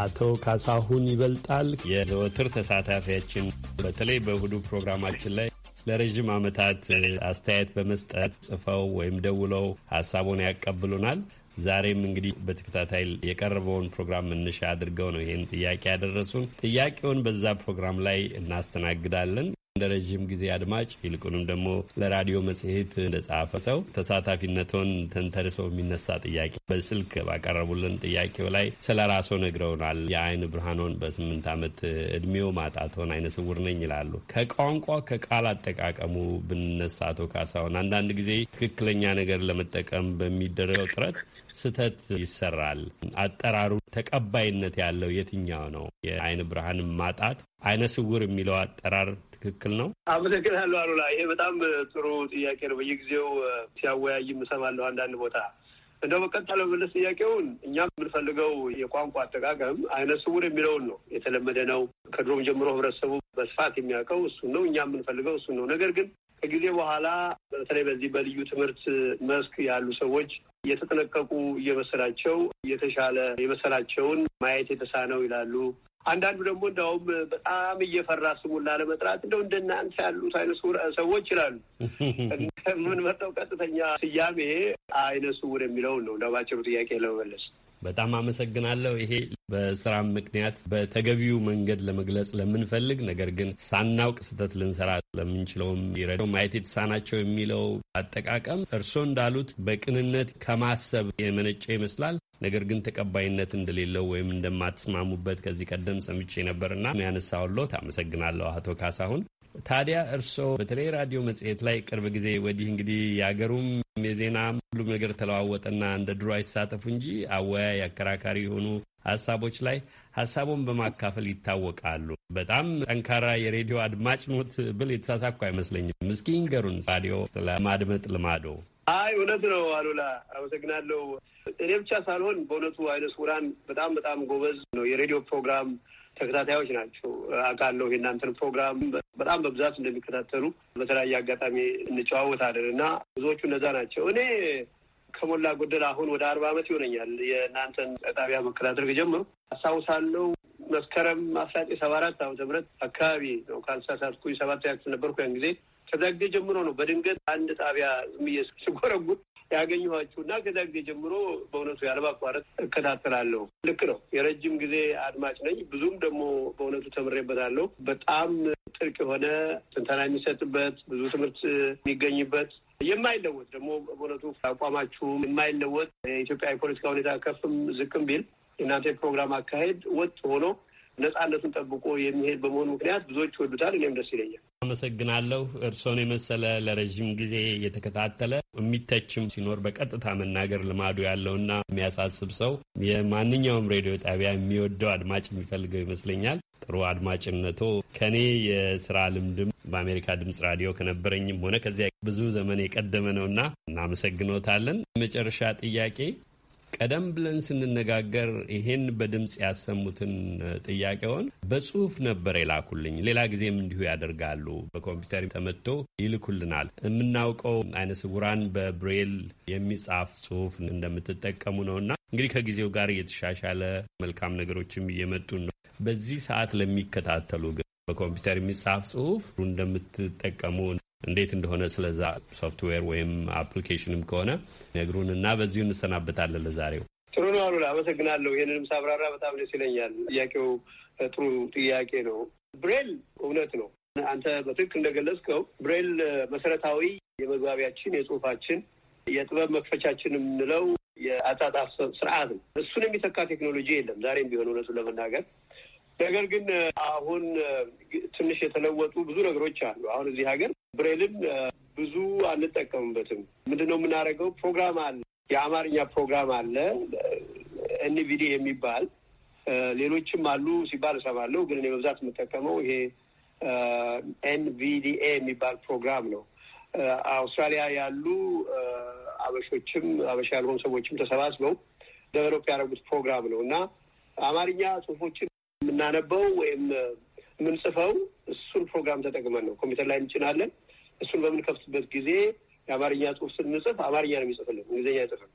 አቶ ካሳሁን ይበልጣል የዘወትር ተሳታፊያችን በተለይ በእሁዱ ፕሮግራማችን ላይ ለረዥም ዓመታት አስተያየት በመስጠት ጽፈው ወይም ደውለው ሀሳቡን ያቀብሉናል። ዛሬም እንግዲህ በተከታታይ የቀረበውን ፕሮግራም መነሻ አድርገው ነው ይህን ጥያቄ ያደረሱን። ጥያቄውን በዛ ፕሮግራም ላይ እናስተናግዳለን። ለረዥም ጊዜ አድማጭ ይልቁንም ደግሞ ለራዲዮ መጽሔት እንደጻፈ ሰው ተሳታፊነቶን ተንተርሰው የሚነሳ ጥያቄ በስልክ ባቀረቡልን ጥያቄው ላይ ስለ ራስዎ ነግረውናል። የአይን ብርሃኖን በስምንት ዓመት እድሜው ማጣቶን አይነ ስውር ነኝ ይላሉ። ከቋንቋ ከቃል አጠቃቀሙ ብንነሳ አቶ ካሳሁን አንዳንድ ጊዜ ትክክለኛ ነገር ለመጠቀም በሚደረገው ጥረት ስህተት ይሰራል። አጠራሩ ተቀባይነት ያለው የትኛው ነው? የአይን ብርሃን ማጣት አይነ ስውር የሚለው አጠራር ትክክል ነው? አመሰግናለሁ አሉላ። ይሄ በጣም ጥሩ ጥያቄ ነው። በየጊዜው ሲያወያይ እሰማለሁ አንዳንድ ቦታ እንደ በቀጥታ ለመመለስ ጥያቄውን እኛም የምንፈልገው የቋንቋ አጠቃቀም አይነ ስውር የሚለውን ነው። የተለመደ ነው። ከድሮም ጀምሮ ህብረተሰቡ በስፋት የሚያውቀው እሱን ነው። እኛ የምንፈልገው እሱን ነው። ነገር ግን ከጊዜ በኋላ በተለይ በዚህ በልዩ ትምህርት መስክ ያሉ ሰዎች እየተጠነቀቁ እየመሰላቸው የተሻለ የመሰላቸውን ማየት የተሳነው ይላሉ። አንዳንዱ ደግሞ እንዳውም በጣም እየፈራ ስሙን ላለመጥራት እንደው እንደናንተ ያሉት አይነ ሰዎች ይላሉ። የምንመርጠው ቀጥተኛ ስያሜ አይነ ስውር የሚለውን ነው። ለባጭሩ ጥያቄ ለመመለስ በጣም አመሰግናለሁ። ይሄ በስራ ምክንያት በተገቢው መንገድ ለመግለጽ ለምንፈልግ ነገር ግን ሳናውቅ ስህተት ልንሰራ ለምንችለውም ይረዳው ማየት የተሳናቸው የሚለው አጠቃቀም እርስዎ እንዳሉት በቅንነት ከማሰብ የመነጨ ይመስላል። ነገር ግን ተቀባይነት እንደሌለው ወይም እንደማትስማሙበት ከዚህ ቀደም ሰምቼ ነበርና ያነሳውሎት አመሰግናለሁ አቶ ካሳሁን። ታዲያ እርስዎ በተለይ ራዲዮ መጽሔት ላይ ቅርብ ጊዜ ወዲህ እንግዲህ የአገሩም የዜና ሁሉም ነገር ተለዋወጠና እንደ ድሮ አይሳተፉ እንጂ አወያይ፣ አከራካሪ የሆኑ ሀሳቦች ላይ ሀሳቡን በማካፈል ይታወቃሉ። በጣም ጠንካራ የሬዲዮ አድማጭ ኖት ብል የተሳሳኩ አይመስለኝም። እስኪ ንገሩን ራዲዮ ለማድመጥ ልማዶ? አይ እውነት ነው አሉላ፣ አመሰግናለሁ። እኔ ብቻ ሳልሆን በእውነቱ አይነ ስውራን በጣም በጣም ጎበዝ ነው የሬዲዮ ፕሮግራም ተከታታዮች ናቸው። አውቃለሁ የእናንተን ፕሮግራም በጣም በብዛት እንደሚከታተሉ በተለያየ አጋጣሚ እንጨዋወታለን እና ብዙዎቹ እነዛ ናቸው። እኔ ከሞላ ጎደል አሁን ወደ አርባ ዓመት ይሆነኛል የእናንተን ጣቢያ መከታተል ከጀመሩ አስታውሳለሁ። መስከረም አስራ ዘጠኝ ሰባ አራት ዓመተ ምህረት አካባቢ ነው ካልተሳሳትኩኝ፣ ሰባት ያክል ነበርኩ ያን ጊዜ። ከዛ ጊዜ ጀምሮ ነው በድንገት አንድ ጣቢያ ዝም ብዬ ስጎረጉር ያገኘኋችሁ እና ከዛ ጊዜ ጀምሮ በእውነቱ ያለማቋረጥ እከታተላለሁ። ልክ ነው። የረጅም ጊዜ አድማጭ ነኝ። ብዙም ደግሞ በእውነቱ ተምሬበታለሁ። በጣም ጥልቅ የሆነ ትንተና የሚሰጥበት ብዙ ትምህርት የሚገኝበት የማይለወጥ ደግሞ በእውነቱ አቋማችሁም የማይለወጥ የኢትዮጵያ የፖለቲካ ሁኔታ ከፍም ዝቅም ቢል የእናንተ የፕሮግራም አካሄድ ወጥ ሆኖ ነጻነቱን ጠብቆ የሚሄድ በመሆኑ ምክንያት ብዙዎች ይወዱታል። እኔም ደስ ይለኛል። አመሰግናለሁ። እርስዎን የመሰለ ለረዥም ጊዜ የተከታተለ የሚተችም ሲኖር በቀጥታ መናገር ልማዱ ያለውና የሚያሳስብ ሰው የማንኛውም ሬዲዮ ጣቢያ የሚወደው አድማጭ የሚፈልገው ይመስለኛል። ጥሩ አድማጭነቶ ከኔ የስራ ልምድም በአሜሪካ ድምጽ ራዲዮ ከነበረኝም ሆነ ከዚያ ብዙ ዘመን የቀደመ ነውና እናመሰግኖታለን። መጨረሻ ጥያቄ ቀደም ብለን ስንነጋገር ይሄን በድምፅ ያሰሙትን ጥያቄውን በጽሁፍ ነበር የላኩልኝ። ሌላ ጊዜም እንዲሁ ያደርጋሉ። በኮምፒውተር ተመቶ ይልኩልናል። የምናውቀው አይነ ስውራን በብሬል የሚጻፍ ጽሁፍ እንደምትጠቀሙ ነውና እንግዲህ ከጊዜው ጋር እየተሻሻለ መልካም ነገሮችም እየመጡ ነው። በዚህ ሰዓት ለሚከታተሉ ግን በኮምፒውተር የሚጻፍ ጽሁፍ እንደምትጠቀሙ እንዴት እንደሆነ ስለዛ ሶፍትዌር ወይም አፕሊኬሽንም ከሆነ ነግሩን እና በዚሁ እንሰናበታለን። ለዛሬው ጥሩ ነው አሉላ፣ አመሰግናለሁ። ይህንንም ሳብራራ በጣም ደስ ይለኛል። ጥያቄው ጥሩ ጥያቄ ነው። ብሬል እውነት ነው። አንተ በትክክል እንደገለጽከው ብሬል መሰረታዊ የመግባቢያችን የጽሁፋችን የጥበብ መክፈቻችን የምንለው የአጻጻፍ ስርዓት ነው። እሱን የሚተካ ቴክኖሎጂ የለም ዛሬም ቢሆን እውነቱን ለመናገር ነገር ግን አሁን ትንሽ የተለወጡ ብዙ ነገሮች አሉ። አሁን እዚህ ሀገር ብሬልን ብዙ አንጠቀምበትም። ምንድን ነው የምናደርገው? ፕሮግራም አለ፣ የአማርኛ ፕሮግራም አለ ኤንቪዲ የሚባል ሌሎችም አሉ ሲባል እሰማለሁ። ግን እኔ በብዛት የምጠቀመው ይሄ ኤንቪዲኤ የሚባል ፕሮግራም ነው። አውስትራሊያ ያሉ አበሾችም አበሻ ያልሆኑ ሰዎችም ተሰባስበው ደቨሎፕ ያደረጉት ፕሮግራም ነው እና አማርኛ ጽሁፎችን የምናነበው ወይም የምንጽፈው እሱን ፕሮግራም ተጠቅመን ነው። ኮምፒውተር ላይ እንጭናለን። እሱን በምንከፍትበት ጊዜ የአማርኛ ጽሁፍ ስንጽፍ አማርኛ ነው የሚጽፍልን፣ እንግሊዝኛ አይጽፍም።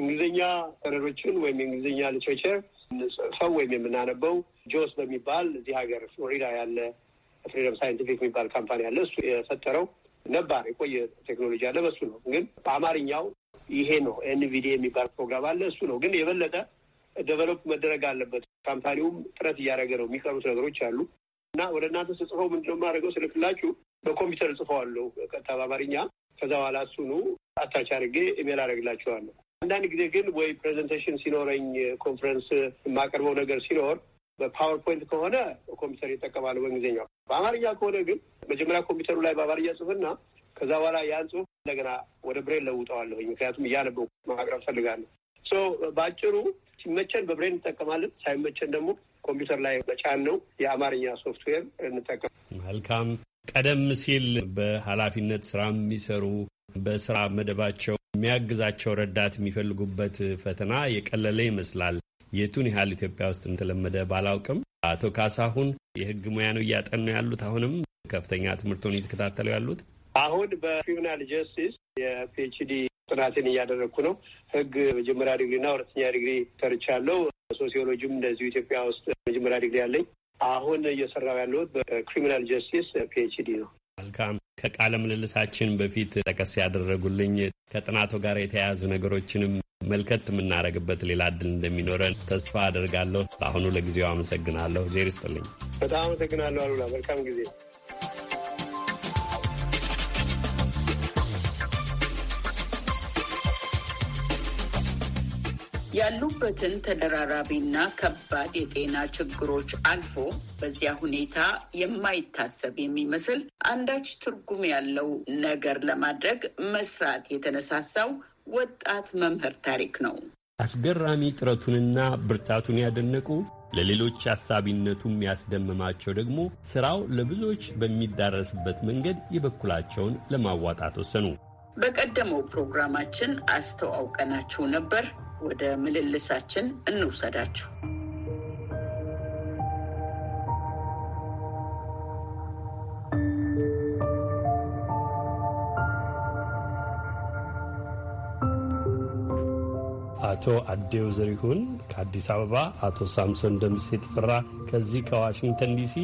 እንግሊዝኛ ሰነዶችን ወይም የእንግሊዝኛ ሊትሬቸር ሰው ወይም የምናነበው ጆስ በሚባል እዚህ ሀገር ፍሎሪዳ ያለ ፍሪደም ሳይንቲፊክ የሚባል ካምፓኒ አለ። እሱ የፈጠረው ነባር የቆየ ቴክኖሎጂ አለ። በሱ ነው ግን በአማርኛው ይሄ ነው ኤንቪዲ የሚባል ፕሮግራም አለ። እሱ ነው ግን የበለጠ ደቨሎፕ መደረግ አለበት። ካምፓኒውም ጥረት እያደረገ ነው። የሚቀሩት ነገሮች አሉ እና ወደ እናንተ ስጽፈው ምንድነው የማደርገው? ስልክላችሁ በኮምፒውተር ጽፈዋለሁ ቀጥታ በአማርኛ። ከዛ በኋላ እሱኑ አታች አድርጌ ኢሜል አደርግላችኋለሁ። አንዳንድ ጊዜ ግን ወይ ፕሬዘንቴሽን ሲኖረኝ ኮንፈረንስ የማቀርበው ነገር ሲኖር በፓወርፖይንት ከሆነ ኮምፒውተር ይጠቀማሉ በእንግሊዝኛው። በአማርኛ ከሆነ ግን መጀመሪያ ኮምፒውተሩ ላይ በአማርኛ ጽሁፍና ከዛ በኋላ ያን ጽሁፍ እንደገና ወደ ብሬል ለውጠዋለሁኝ። ምክንያቱም እያነበብኩ ማቅረብ ፈልጋለሁ። በአጭሩ ሲመቸን በብሬን እንጠቀማለን፣ ሳይመቸን ደግሞ ኮምፒውተር ላይ በጫን ነው የአማርኛ ሶፍትዌር እንጠቀም። መልካም። ቀደም ሲል በኃላፊነት ስራ የሚሰሩ በስራ መደባቸው የሚያግዛቸው ረዳት የሚፈልጉበት ፈተና የቀለለ ይመስላል። የቱን ያህል ኢትዮጵያ ውስጥ እንደተለመደ ባላውቅም፣ አቶ ካሳሁን የህግ ሙያ ነው እያጠኑ ያሉት አሁንም ከፍተኛ ትምህርቶን እየተከታተሉ ያሉት አሁን በክሪሚናል ጀስቲስ የፒኤችዲ ጥናትን እያደረግኩ ነው። ህግ መጀመሪያ ዲግሪ እና ሁለተኛ ዲግሪ ተርቻለሁ። ሶሲዮሎጂም እንደዚሁ ኢትዮጵያ ውስጥ መጀመሪያ ዲግሪ አለኝ። አሁን እየሰራው ያለሁት በክሪሚናል ጀስቲስ ፒኤችዲ ነው። መልካም። ከቃለ ምልልሳችን በፊት ጠቀስ ያደረጉልኝ ከጥናቱ ጋር የተያያዙ ነገሮችንም መልከት የምናደርግበት ሌላ እድል እንደሚኖረን ተስፋ አደርጋለሁ። ለአሁኑ ለጊዜው አመሰግናለሁ። እግዜር ይስጥልኝ። በጣም አመሰግናለሁ አሉላ። መልካም ጊዜ ያሉበትን ተደራራቢና ከባድ የጤና ችግሮች አልፎ በዚያ ሁኔታ የማይታሰብ የሚመስል አንዳች ትርጉም ያለው ነገር ለማድረግ መስራት የተነሳሳው ወጣት መምህር ታሪክ ነው። አስገራሚ ጥረቱንና ብርታቱን ያደነቁ ለሌሎች አሳቢነቱ የሚያስደምማቸው ደግሞ ሥራው ለብዙዎች በሚዳረስበት መንገድ የበኩላቸውን ለማዋጣት ወሰኑ። በቀደመው ፕሮግራማችን አስተዋውቀናችሁ ነበር። ወደ ምልልሳችን እንውሰዳችሁ። አቶ አዴው ዘሪሁን ከአዲስ አበባ፣ አቶ ሳምሶን ደምሴ ተፈራ ከዚህ ከዋሽንግተን ዲሲ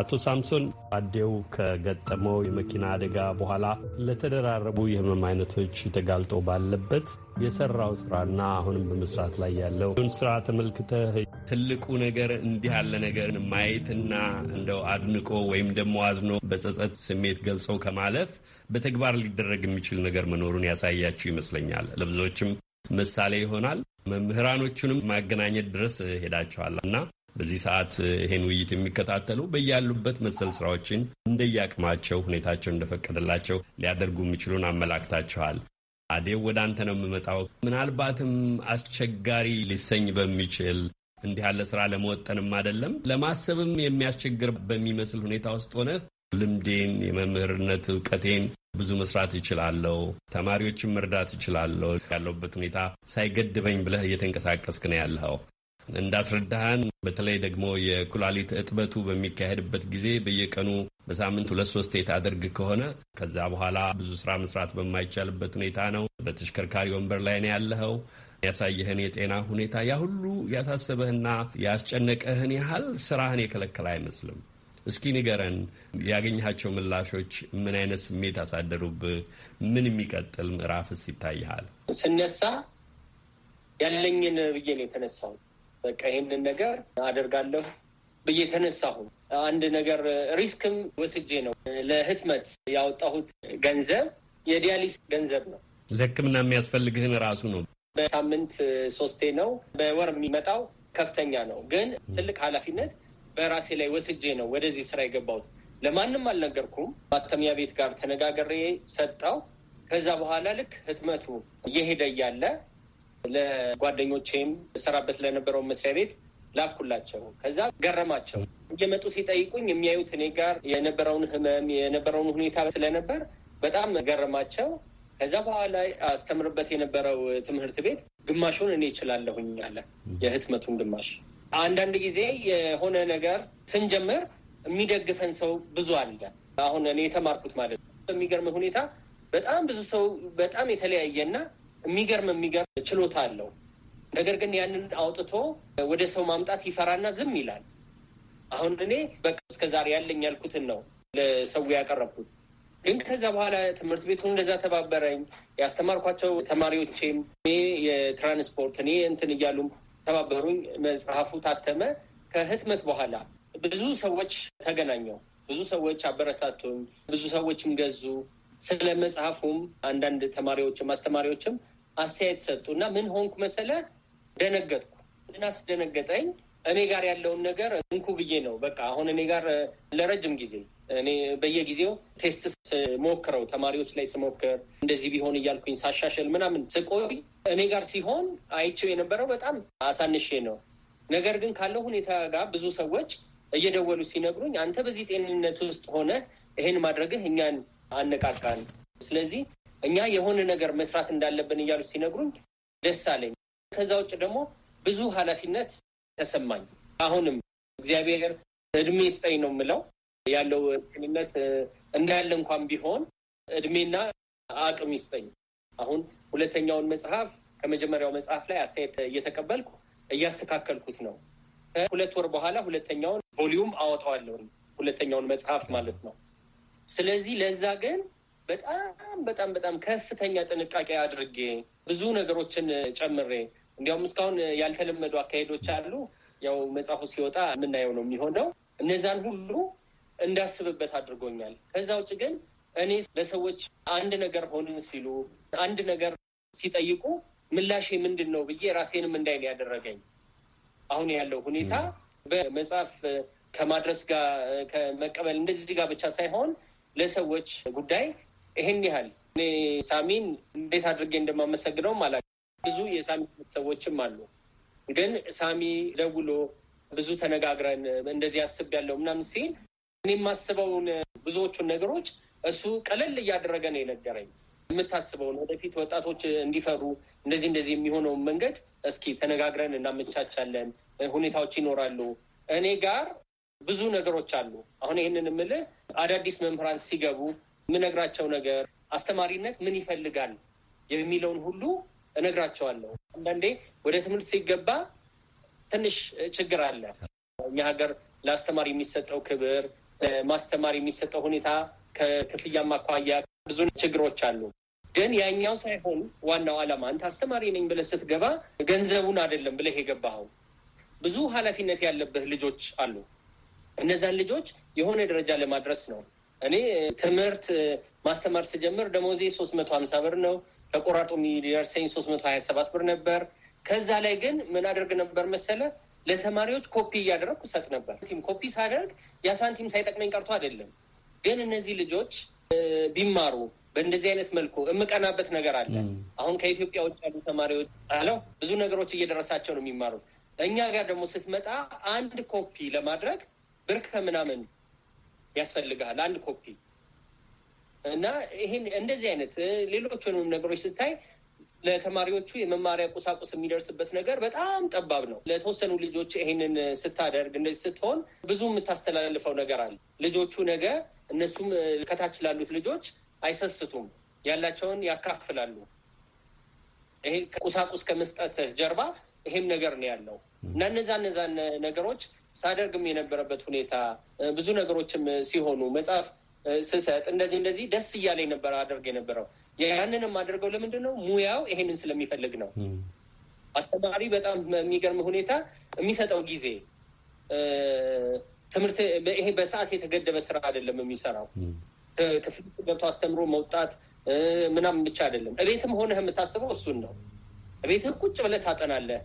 አቶ ሳምሶን አዴው ከገጠመው የመኪና አደጋ በኋላ ለተደራረቡ የህመም አይነቶች ተጋልጦ ባለበት የሰራው ስራና አሁንም በመስራት ላይ ያለውን ስራ ተመልክተህ ትልቁ ነገር እንዲህ ያለ ነገር ማየትና እንደው አድንቆ ወይም ደግሞ አዝኖ በጸጸት ስሜት ገልጸው ከማለፍ በተግባር ሊደረግ የሚችል ነገር መኖሩን ያሳያችሁ ይመስለኛል። ለብዙዎችም ምሳሌ ይሆናል። መምህራኖቹንም ማገናኘት ድረስ ሄዳችኋል እና በዚህ ሰዓት ይህን ውይይት የሚከታተሉ በያሉበት መሰል ስራዎችን እንደየአቅማቸው ሁኔታቸው እንደፈቀደላቸው ሊያደርጉ የሚችሉን አመላክታችኋል። አዴው ወደ አንተ ነው የምመጣው። ምናልባትም አስቸጋሪ ሊሰኝ በሚችል እንዲህ ያለ ስራ ለመወጠንም አይደለም ለማሰብም የሚያስቸግር በሚመስል ሁኔታ ውስጥ ሆነ ልምዴን የመምህርነት እውቀቴን ብዙ መስራት ይችላለሁ፣ ተማሪዎችን መርዳት ይችላለሁ፣ ያለሁበት ሁኔታ ሳይገድበኝ ብለህ እየተንቀሳቀስክ ነው ያለኸው። እንዳስረዳህን በተለይ ደግሞ የኩላሊት እጥበቱ በሚካሄድበት ጊዜ በየቀኑ በሳምንት ሁለት ሶስት የታደርግ ከሆነ ከዛ በኋላ ብዙ ስራ መስራት በማይቻልበት ሁኔታ ነው። በተሽከርካሪ ወንበር ላይ ነው ያለኸው። ያሳየህን የጤና ሁኔታ ያ ሁሉ ያሳሰበህና ያስጨነቀህን ያህል ስራህን የከለከለ አይመስልም። እስኪ ንገረን፣ ያገኘሃቸው ምላሾች ምን አይነት ስሜት አሳደሩብህ? ምን የሚቀጥል ምዕራፍስ ይታይሃል? ስነሳ ያለኝን ብዬ ነው የተነሳው። በቃ ይህንን ነገር አደርጋለሁ ብዬ ተነሳሁ። አንድ ነገር ሪስክም ወስጄ ነው ለህትመት ያወጣሁት ገንዘብ የዲያሊስ ገንዘብ ነው። ለህክምና የሚያስፈልግህን ራሱ ነው። በሳምንት ሶስቴ ነው በወር የሚመጣው ከፍተኛ ነው። ግን ትልቅ ኃላፊነት በራሴ ላይ ወስጄ ነው ወደዚህ ስራ የገባሁት። ለማንም አልነገርኩም። ማተሚያ ቤት ጋር ተነጋግሬ ሰጠው። ከዛ በኋላ ልክ ህትመቱ እየሄደ እያለ ለጓደኞቼም ሰራበት ለነበረው መስሪያ ቤት ላኩላቸው። ከዛ ገረማቸው። እየመጡ ሲጠይቁኝ የሚያዩት እኔ ጋር የነበረውን ህመም የነበረውን ሁኔታ ስለነበር በጣም ገረማቸው። ከዛ በኋላ አስተምርበት የነበረው ትምህርት ቤት ግማሹን እኔ እችላለሁኝ አለ፣ የህትመቱን ግማሽ። አንዳንድ ጊዜ የሆነ ነገር ስንጀምር የሚደግፈን ሰው ብዙ አለ። አሁን እኔ የተማርኩት ማለት ነው። በሚገርም ሁኔታ በጣም ብዙ ሰው በጣም የተለያየና የሚገርም የሚገርም ችሎታ አለው። ነገር ግን ያንን አውጥቶ ወደ ሰው ማምጣት ይፈራና ዝም ይላል። አሁን እኔ በቃ እስከዛሬ ያለኝ ያልኩትን ነው ለሰው ያቀረብኩት። ግን ከዛ በኋላ ትምህርት ቤቱ እንደዛ ተባበረኝ። ያስተማርኳቸው ተማሪዎቼም እኔ የትራንስፖርት እኔ እንትን እያሉ ተባበሩኝ። መጽሐፉ ታተመ። ከህትመት በኋላ ብዙ ሰዎች ተገናኘው፣ ብዙ ሰዎች አበረታቱኝ፣ ብዙ ሰዎችም ገዙ። ስለ መጽሐፉም አንዳንድ ተማሪዎችም አስተማሪዎችም አስተያየት ሰጡ እና ምን ሆንኩ መሰለ ደነገጥኩ። ምን አስደነገጠኝ? እኔ ጋር ያለውን ነገር እንኩ ብዬ ነው በቃ አሁን እኔ ጋር ለረጅም ጊዜ እኔ በየጊዜው ቴስት ስሞክረው ተማሪዎች ላይ ስሞክር እንደዚህ ቢሆን እያልኩኝ ሳሻሸል ምናምን ስቆይ እኔ ጋር ሲሆን አይቼው የነበረው በጣም አሳንሼ ነው። ነገር ግን ካለው ሁኔታ ጋር ብዙ ሰዎች እየደወሉ ሲነግሩኝ አንተ በዚህ ጤንነት ውስጥ ሆነ ይሄን ማድረግህ እኛን አነቃቃን። ስለዚህ እኛ የሆነ ነገር መስራት እንዳለብን እያሉ ሲነግሩኝ ደስ አለኝ። ከዛ ውጭ ደግሞ ብዙ ኃላፊነት ተሰማኝ። አሁንም እግዚአብሔር እድሜ ስጠኝ ነው የምለው ያለው ቅንነት እንዳለ እንኳን ቢሆን እድሜና አቅም ይስጠኝ። አሁን ሁለተኛውን መጽሐፍ ከመጀመሪያው መጽሐፍ ላይ አስተያየት እየተቀበልኩ እያስተካከልኩት ነው። ከሁለት ወር በኋላ ሁለተኛውን ቮሊዩም አወጣዋለሁ፣ ሁለተኛውን መጽሐፍ ማለት ነው። ስለዚህ ለዛ ግን በጣም በጣም በጣም ከፍተኛ ጥንቃቄ አድርጌ ብዙ ነገሮችን ጨምሬ እንዲያውም እስካሁን ያልተለመዱ አካሄዶች አሉ። ያው መጽሐፉ ሲወጣ የምናየው ነው የሚሆነው። እነዛን ሁሉ እንዳስብበት አድርጎኛል። ከዛ ውጭ ግን እኔ ለሰዎች አንድ ነገር ሆንን ሲሉ አንድ ነገር ሲጠይቁ ምላሽ ምንድን ነው ብዬ ራሴንም እንዳይል ያደረገኝ። አሁን ያለው ሁኔታ በመጽሐፍ ከማድረስ ጋር ከመቀበል እንደዚህ ጋር ብቻ ሳይሆን ለሰዎች ጉዳይ ይሄን ያህል እኔ ሳሚን እንዴት አድርጌ እንደማመሰግነው ማለት ብዙ የሳሚ ሰዎችም አሉ። ግን ሳሚ ደውሎ ብዙ ተነጋግረን እንደዚህ አስብ ያለው ምናምን ሲል እኔ የማስበውን ብዙዎቹን ነገሮች እሱ ቀለል እያደረገ ነው የነገረኝ። የምታስበውን ወደፊት ወጣቶች እንዲፈሩ እንደዚህ እንደዚህ የሚሆነውን መንገድ እስኪ ተነጋግረን እናመቻቻለን፣ ሁኔታዎች ይኖራሉ። እኔ ጋር ብዙ ነገሮች አሉ። አሁን ይህንን የምልህ አዳዲስ መምህራን ሲገቡ የምነግራቸው ነገር አስተማሪነት ምን ይፈልጋል የሚለውን ሁሉ እነግራቸዋለሁ። አንዳንዴ ወደ ትምህርት ሲገባ ትንሽ ችግር አለ። እኛ ሀገር ለአስተማሪ የሚሰጠው ክብር፣ ማስተማር የሚሰጠው ሁኔታ ከክፍያም አኳያ ብዙ ችግሮች አሉ። ግን ያኛው ሳይሆን ዋናው ዓላማ አንተ አስተማሪ ነኝ ብለህ ስትገባ ገንዘቡን አይደለም ብለህ የገባኸው ብዙ ኃላፊነት ያለብህ ልጆች አሉ። እነዛን ልጆች የሆነ ደረጃ ለማድረስ ነው። እኔ ትምህርት ማስተማር ስጀምር ደሞዜ ሶስት መቶ ሀምሳ ብር ነው። ተቆራርጦ የሚደርሰኝ ሶስት መቶ ሀያ ሰባት ብር ነበር። ከዛ ላይ ግን ምን አደርግ ነበር መሰለ ለተማሪዎች ኮፒ እያደረግኩ ሰጥ ነበር። ኮፒ ሳደርግ ያ ሳንቲም ሳይጠቅመኝ ቀርቶ አይደለም፣ ግን እነዚህ ልጆች ቢማሩ በእንደዚህ አይነት መልኩ የምቀናበት ነገር አለ። አሁን ከኢትዮጵያ ውጭ ያሉ ተማሪዎች አለው ብዙ ነገሮች እየደረሳቸው ነው የሚማሩት። እኛ ጋር ደግሞ ስትመጣ አንድ ኮፒ ለማድረግ ብር ከምናምን ያስፈልግሃል አንድ ኮፒ እና ይህን እንደዚህ አይነት ሌሎቹንም ነገሮች ስታይ ለተማሪዎቹ የመማሪያ ቁሳቁስ የሚደርስበት ነገር በጣም ጠባብ ነው። ለተወሰኑ ልጆች ይህንን ስታደርግ እንደዚህ ስትሆን ብዙ የምታስተላልፈው ነገር አለ። ልጆቹ ነገ እነሱም ከታች ላሉት ልጆች አይሰስቱም፣ ያላቸውን ያካፍላሉ። ይሄ ቁሳቁስ ከመስጠት ጀርባ ይሄም ነገር ነው ያለው እና እነዛ እነዛን ነገሮች ሳደርግም የነበረበት ሁኔታ ብዙ ነገሮችም ሲሆኑ መጽሐፍ ስሰጥ እንደዚህ እንደዚህ ደስ እያለ ነበረ አደርግ የነበረው። ያንንም አድርገው ለምንድን ነው ሙያው ይሄንን ስለሚፈልግ ነው። አስተማሪ በጣም የሚገርም ሁኔታ የሚሰጠው ጊዜ ትምህርት ይሄ በሰዓት የተገደበ ስራ አይደለም የሚሰራው ክፍል ገብቶ አስተምሮ መውጣት ምናምን ብቻ አይደለም። እቤትም ሆነህ የምታስበው እሱን ነው። እቤትህ ቁጭ ብለህ ታጠናለህ።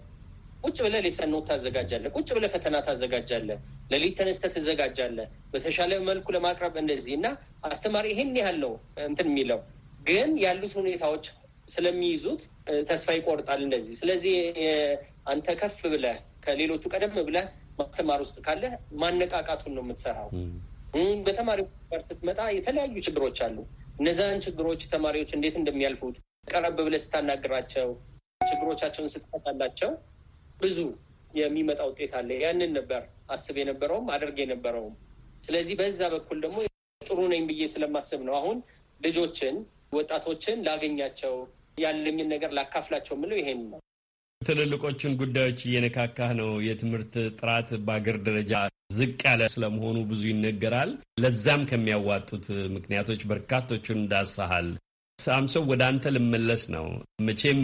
ቁጭ ብለህ ሌሰን ኖት ታዘጋጃለህ። ቁጭ ብለህ ፈተና ታዘጋጃለህ። ለሊት ተነስተህ ትዘጋጃለህ በተሻለ መልኩ ለማቅረብ እንደዚህ እና አስተማሪ ይሄን ያህል ነው እንትን የሚለው ግን ያሉት ሁኔታዎች ስለሚይዙት ተስፋ ይቆርጣል እንደዚህ። ስለዚህ አንተ ከፍ ብለህ ከሌሎቹ ቀደም ብለህ ማስተማር ውስጥ ካለህ ማነቃቃቱን ነው የምትሰራው። በተማሪ ጋር ስትመጣ የተለያዩ ችግሮች አሉ። እነዛን ችግሮች ተማሪዎች እንዴት እንደሚያልፉት ቀረብ ብለህ ስታናግራቸው፣ ችግሮቻቸውን ስትፈታላቸው ብዙ የሚመጣ ውጤት አለ። ያንን ነበር አስብ የነበረውም አድርግ የነበረውም። ስለዚህ በዛ በኩል ደግሞ ጥሩ ነኝ ብዬ ስለማስብ ነው አሁን ልጆችን፣ ወጣቶችን ላገኛቸው ያለኝን ነገር ላካፍላቸው ምለው ይሄን ነው። ትልልቆቹን ጉዳዮች እየነካካህ ነው። የትምህርት ጥራት በአገር ደረጃ ዝቅ ያለ ስለመሆኑ ብዙ ይነገራል። ለዛም ከሚያዋጡት ምክንያቶች በርካቶቹን እንዳሳሃል። ሳምሶን ወደ አንተ ልመለስ ነው። መቼም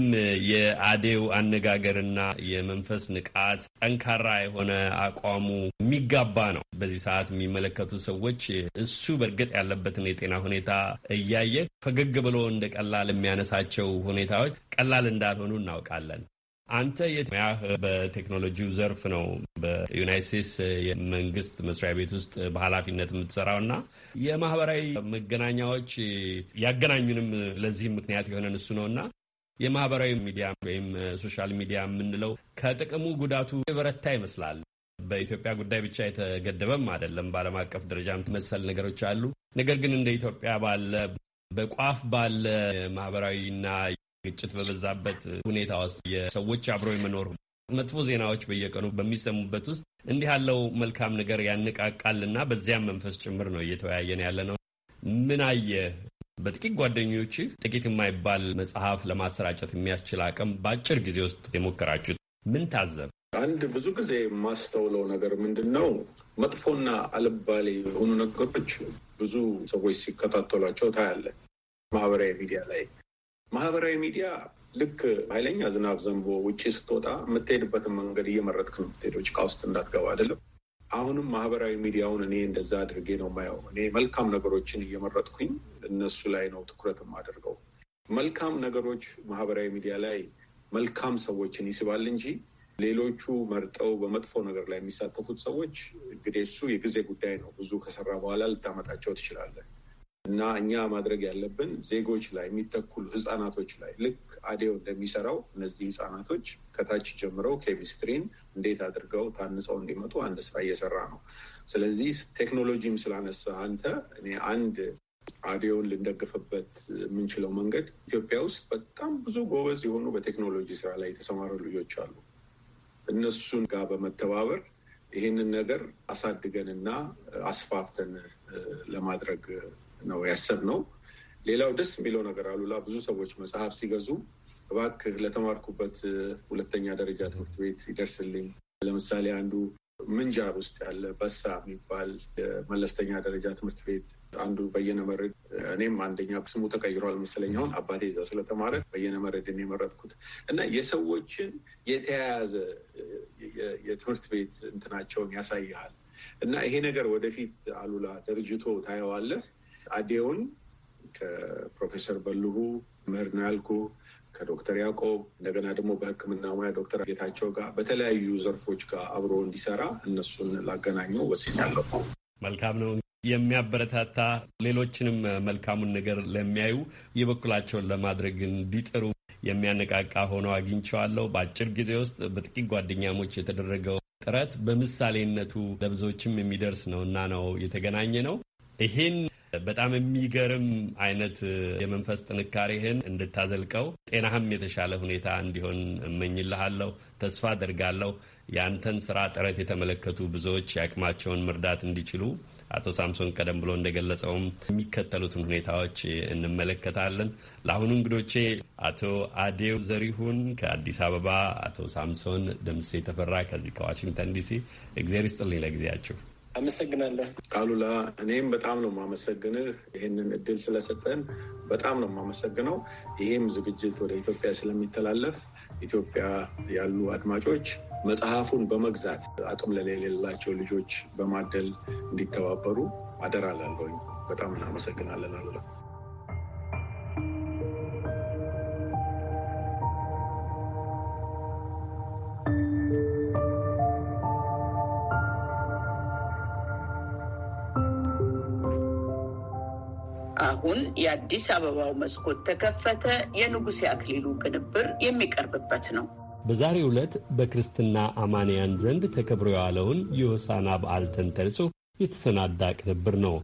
የአዴው አነጋገርና የመንፈስ ንቃት ጠንካራ የሆነ አቋሙ የሚጋባ ነው። በዚህ ሰዓት የሚመለከቱ ሰዎች እሱ በእርግጥ ያለበትን የጤና ሁኔታ እያየ ፈገግ ብሎ እንደ ቀላል የሚያነሳቸው ሁኔታዎች ቀላል እንዳልሆኑ እናውቃለን። አንተ የሙያህ በቴክኖሎጂው ዘርፍ ነው። በዩናይት ስቴትስ የመንግስት መስሪያ ቤት ውስጥ በኃላፊነት የምትሰራው እና የማህበራዊ መገናኛዎች ያገናኙንም ለዚህም ምክንያት የሆነን እሱ ነው እና የማህበራዊ ሚዲያ ወይም ሶሻል ሚዲያ የምንለው ከጥቅሙ ጉዳቱ የበረታ ይመስላል። በኢትዮጵያ ጉዳይ ብቻ የተገደበም አይደለም። በዓለም አቀፍ ደረጃም መሰል ነገሮች አሉ። ነገር ግን እንደ ኢትዮጵያ ባለ በቋፍ ባለ ማህበራዊና ግጭት በበዛበት ሁኔታ ውስጥ የሰዎች አብሮ የመኖር መጥፎ ዜናዎች በየቀኑ በሚሰሙበት ውስጥ እንዲህ ያለው መልካም ነገር ያነቃቃልና በዚያም መንፈስ ጭምር ነው እየተወያየን ያለ ነው። ምን አየ? በጥቂት ጓደኞች ጥቂት የማይባል መጽሐፍ ለማሰራጨት የሚያስችል አቅም በአጭር ጊዜ ውስጥ የሞከራችሁት ምን ታዘብ? አንድ ብዙ ጊዜ የማስተውለው ነገር ምንድን ነው፣ መጥፎና አልባሌ የሆኑ ነገሮች ብዙ ሰዎች ሲከታተሏቸው ታያለ ማህበራዊ ሚዲያ ላይ ማህበራዊ ሚዲያ ልክ ኃይለኛ ዝናብ ዘንቦ ውጭ ስትወጣ የምትሄድበትን መንገድ እየመረጥክ ነው የምትሄደው፣ ጭቃ ውስጥ እንዳትገባ አይደለም። አሁንም ማህበራዊ ሚዲያውን እኔ እንደዛ አድርጌ ነው የማየው። እኔ መልካም ነገሮችን እየመረጥኩኝ እነሱ ላይ ነው ትኩረት የማደርገው። መልካም ነገሮች ማህበራዊ ሚዲያ ላይ መልካም ሰዎችን ይስባል እንጂ ሌሎቹ መርጠው በመጥፎ ነገር ላይ የሚሳተፉት ሰዎች እንግዲህ እሱ የጊዜ ጉዳይ ነው። ብዙ ከሰራ በኋላ ልታመጣቸው ትችላለህ። እና እኛ ማድረግ ያለብን ዜጎች ላይ የሚተኩሉ ህጻናቶች ላይ ልክ አዴው እንደሚሰራው እነዚህ ህጻናቶች ከታች ጀምረው ኬሚስትሪን እንዴት አድርገው ታንጸው እንዲመጡ አንድ ስራ እየሰራ ነው። ስለዚህ ቴክኖሎጂም ስላነሳ አንተ እኔ አንድ አዲዮን ልንደግፍበት የምንችለው መንገድ ኢትዮጵያ ውስጥ በጣም ብዙ ጎበዝ የሆኑ በቴክኖሎጂ ስራ ላይ የተሰማሩ ልጆች አሉ። እነሱን ጋር በመተባበር ይህንን ነገር አሳድገንና አስፋፍተን ለማድረግ ነው ያሰብነው። ሌላው ደስ የሚለው ነገር አሉላ ብዙ ሰዎች መጽሐፍ ሲገዙ እባክህ ለተማርኩበት ሁለተኛ ደረጃ ትምህርት ቤት ይደርስልኝ። ለምሳሌ አንዱ ምንጃር ውስጥ ያለ በሳ የሚባል የመለስተኛ ደረጃ ትምህርት ቤት አንዱ በየነመረድ እኔም አንደኛ ስሙ ተቀይሯል መሰለኝ አሁን አባቴ እዛ ስለተማረ በየነመረድን የመረጥኩት እና የሰዎችን የተያያዘ የትምህርት ቤት እንትናቸውን ያሳይሃል እና ይሄ ነገር ወደፊት አሉላ ደርጅቶ ታየዋለህ። አዴውን ከፕሮፌሰር በልሁ መርናልኩ ያልኩ ከዶክተር ያዕቆብ እንደገና ደግሞ በሕክምና ሙያ ዶክተር ጌታቸው ጋር በተለያዩ ዘርፎች ጋር አብሮ እንዲሰራ እነሱን ላገናኘው ወስኛለሁ። መልካም ነው። የሚያበረታታ ሌሎችንም መልካሙን ነገር ለሚያዩ የበኩላቸውን ለማድረግ እንዲጥሩ የሚያነቃቃ ሆኖ አግኝቸዋለው በአጭር ጊዜ ውስጥ በጥቂት ጓደኛሞች የተደረገው ጥረት በምሳሌነቱ ለብዙዎችም የሚደርስ ነው እና ነው የተገናኘ ነው ይሄን በጣም የሚገርም አይነት የመንፈስ ጥንካሬህን እንድታዘልቀው ጤናህም የተሻለ ሁኔታ እንዲሆን እመኝልሃለሁ። ተስፋ አድርጋለሁ። ያንተን ስራ ጥረት የተመለከቱ ብዙዎች የአቅማቸውን መርዳት እንዲችሉ አቶ ሳምሶን ቀደም ብሎ እንደገለጸውም የሚከተሉትን ሁኔታዎች እንመለከታለን። ለአሁኑ እንግዶቼ አቶ አዴው ዘሪሁን ከአዲስ አበባ፣ አቶ ሳምሶን ደምሴ ተፈራ ከዚህ ከዋሽንግተን ዲሲ፣ እግዜር ይስጥልኝ ለጊዜያችሁ። አመሰግናለሁ አሉላ። እኔም በጣም ነው የማመሰግንህ ይህንን እድል ስለሰጠን በጣም ነው የማመሰግነው። ይህም ዝግጅት ወደ ኢትዮጵያ ስለሚተላለፍ ኢትዮጵያ ያሉ አድማጮች መጽሐፉን በመግዛት አቅም ለሌላቸው ልጆች በማደል እንዲተባበሩ አደራ ላለሁኝ። በጣም እናመሰግናለን አሉላ። አሁን የአዲስ አበባው መስኮት ተከፈተ የንጉሴ አክሊሉ ቅንብር የሚቀርብበት ነው። በዛሬ ዕለት በክርስትና አማንያን ዘንድ ተከብሮ የዋለውን የሆሳና በዓል ተንተርሶ የተሰናዳ ቅንብር ነው።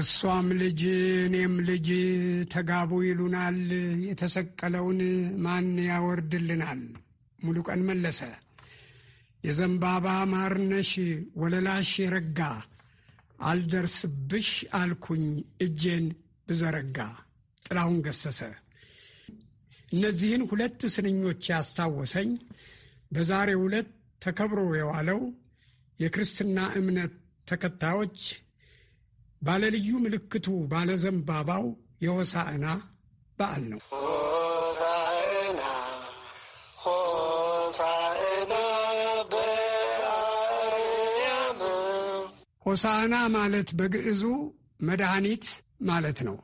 እሷም ልጅ እኔም ልጅ ተጋቡ ይሉናል፣ የተሰቀለውን ማን ያወርድልናል? ሙሉቀን መለሰ የዘንባባ ማርነሽ ወለላሽ የረጋ አልደርስብሽ አልኩኝ እጄን ብዘረጋ። ጥላሁን ገሰሰ። እነዚህን ሁለት ስንኞች ያስታወሰኝ በዛሬ ዕለት ተከብሮ የዋለው የክርስትና እምነት ተከታዮች ባለልዩ ምልክቱ ባለዘንባባው የወሳእና በዓል ነው። ሆሳና ማለት በግዕዙ መድኃኒት ማለት ነው።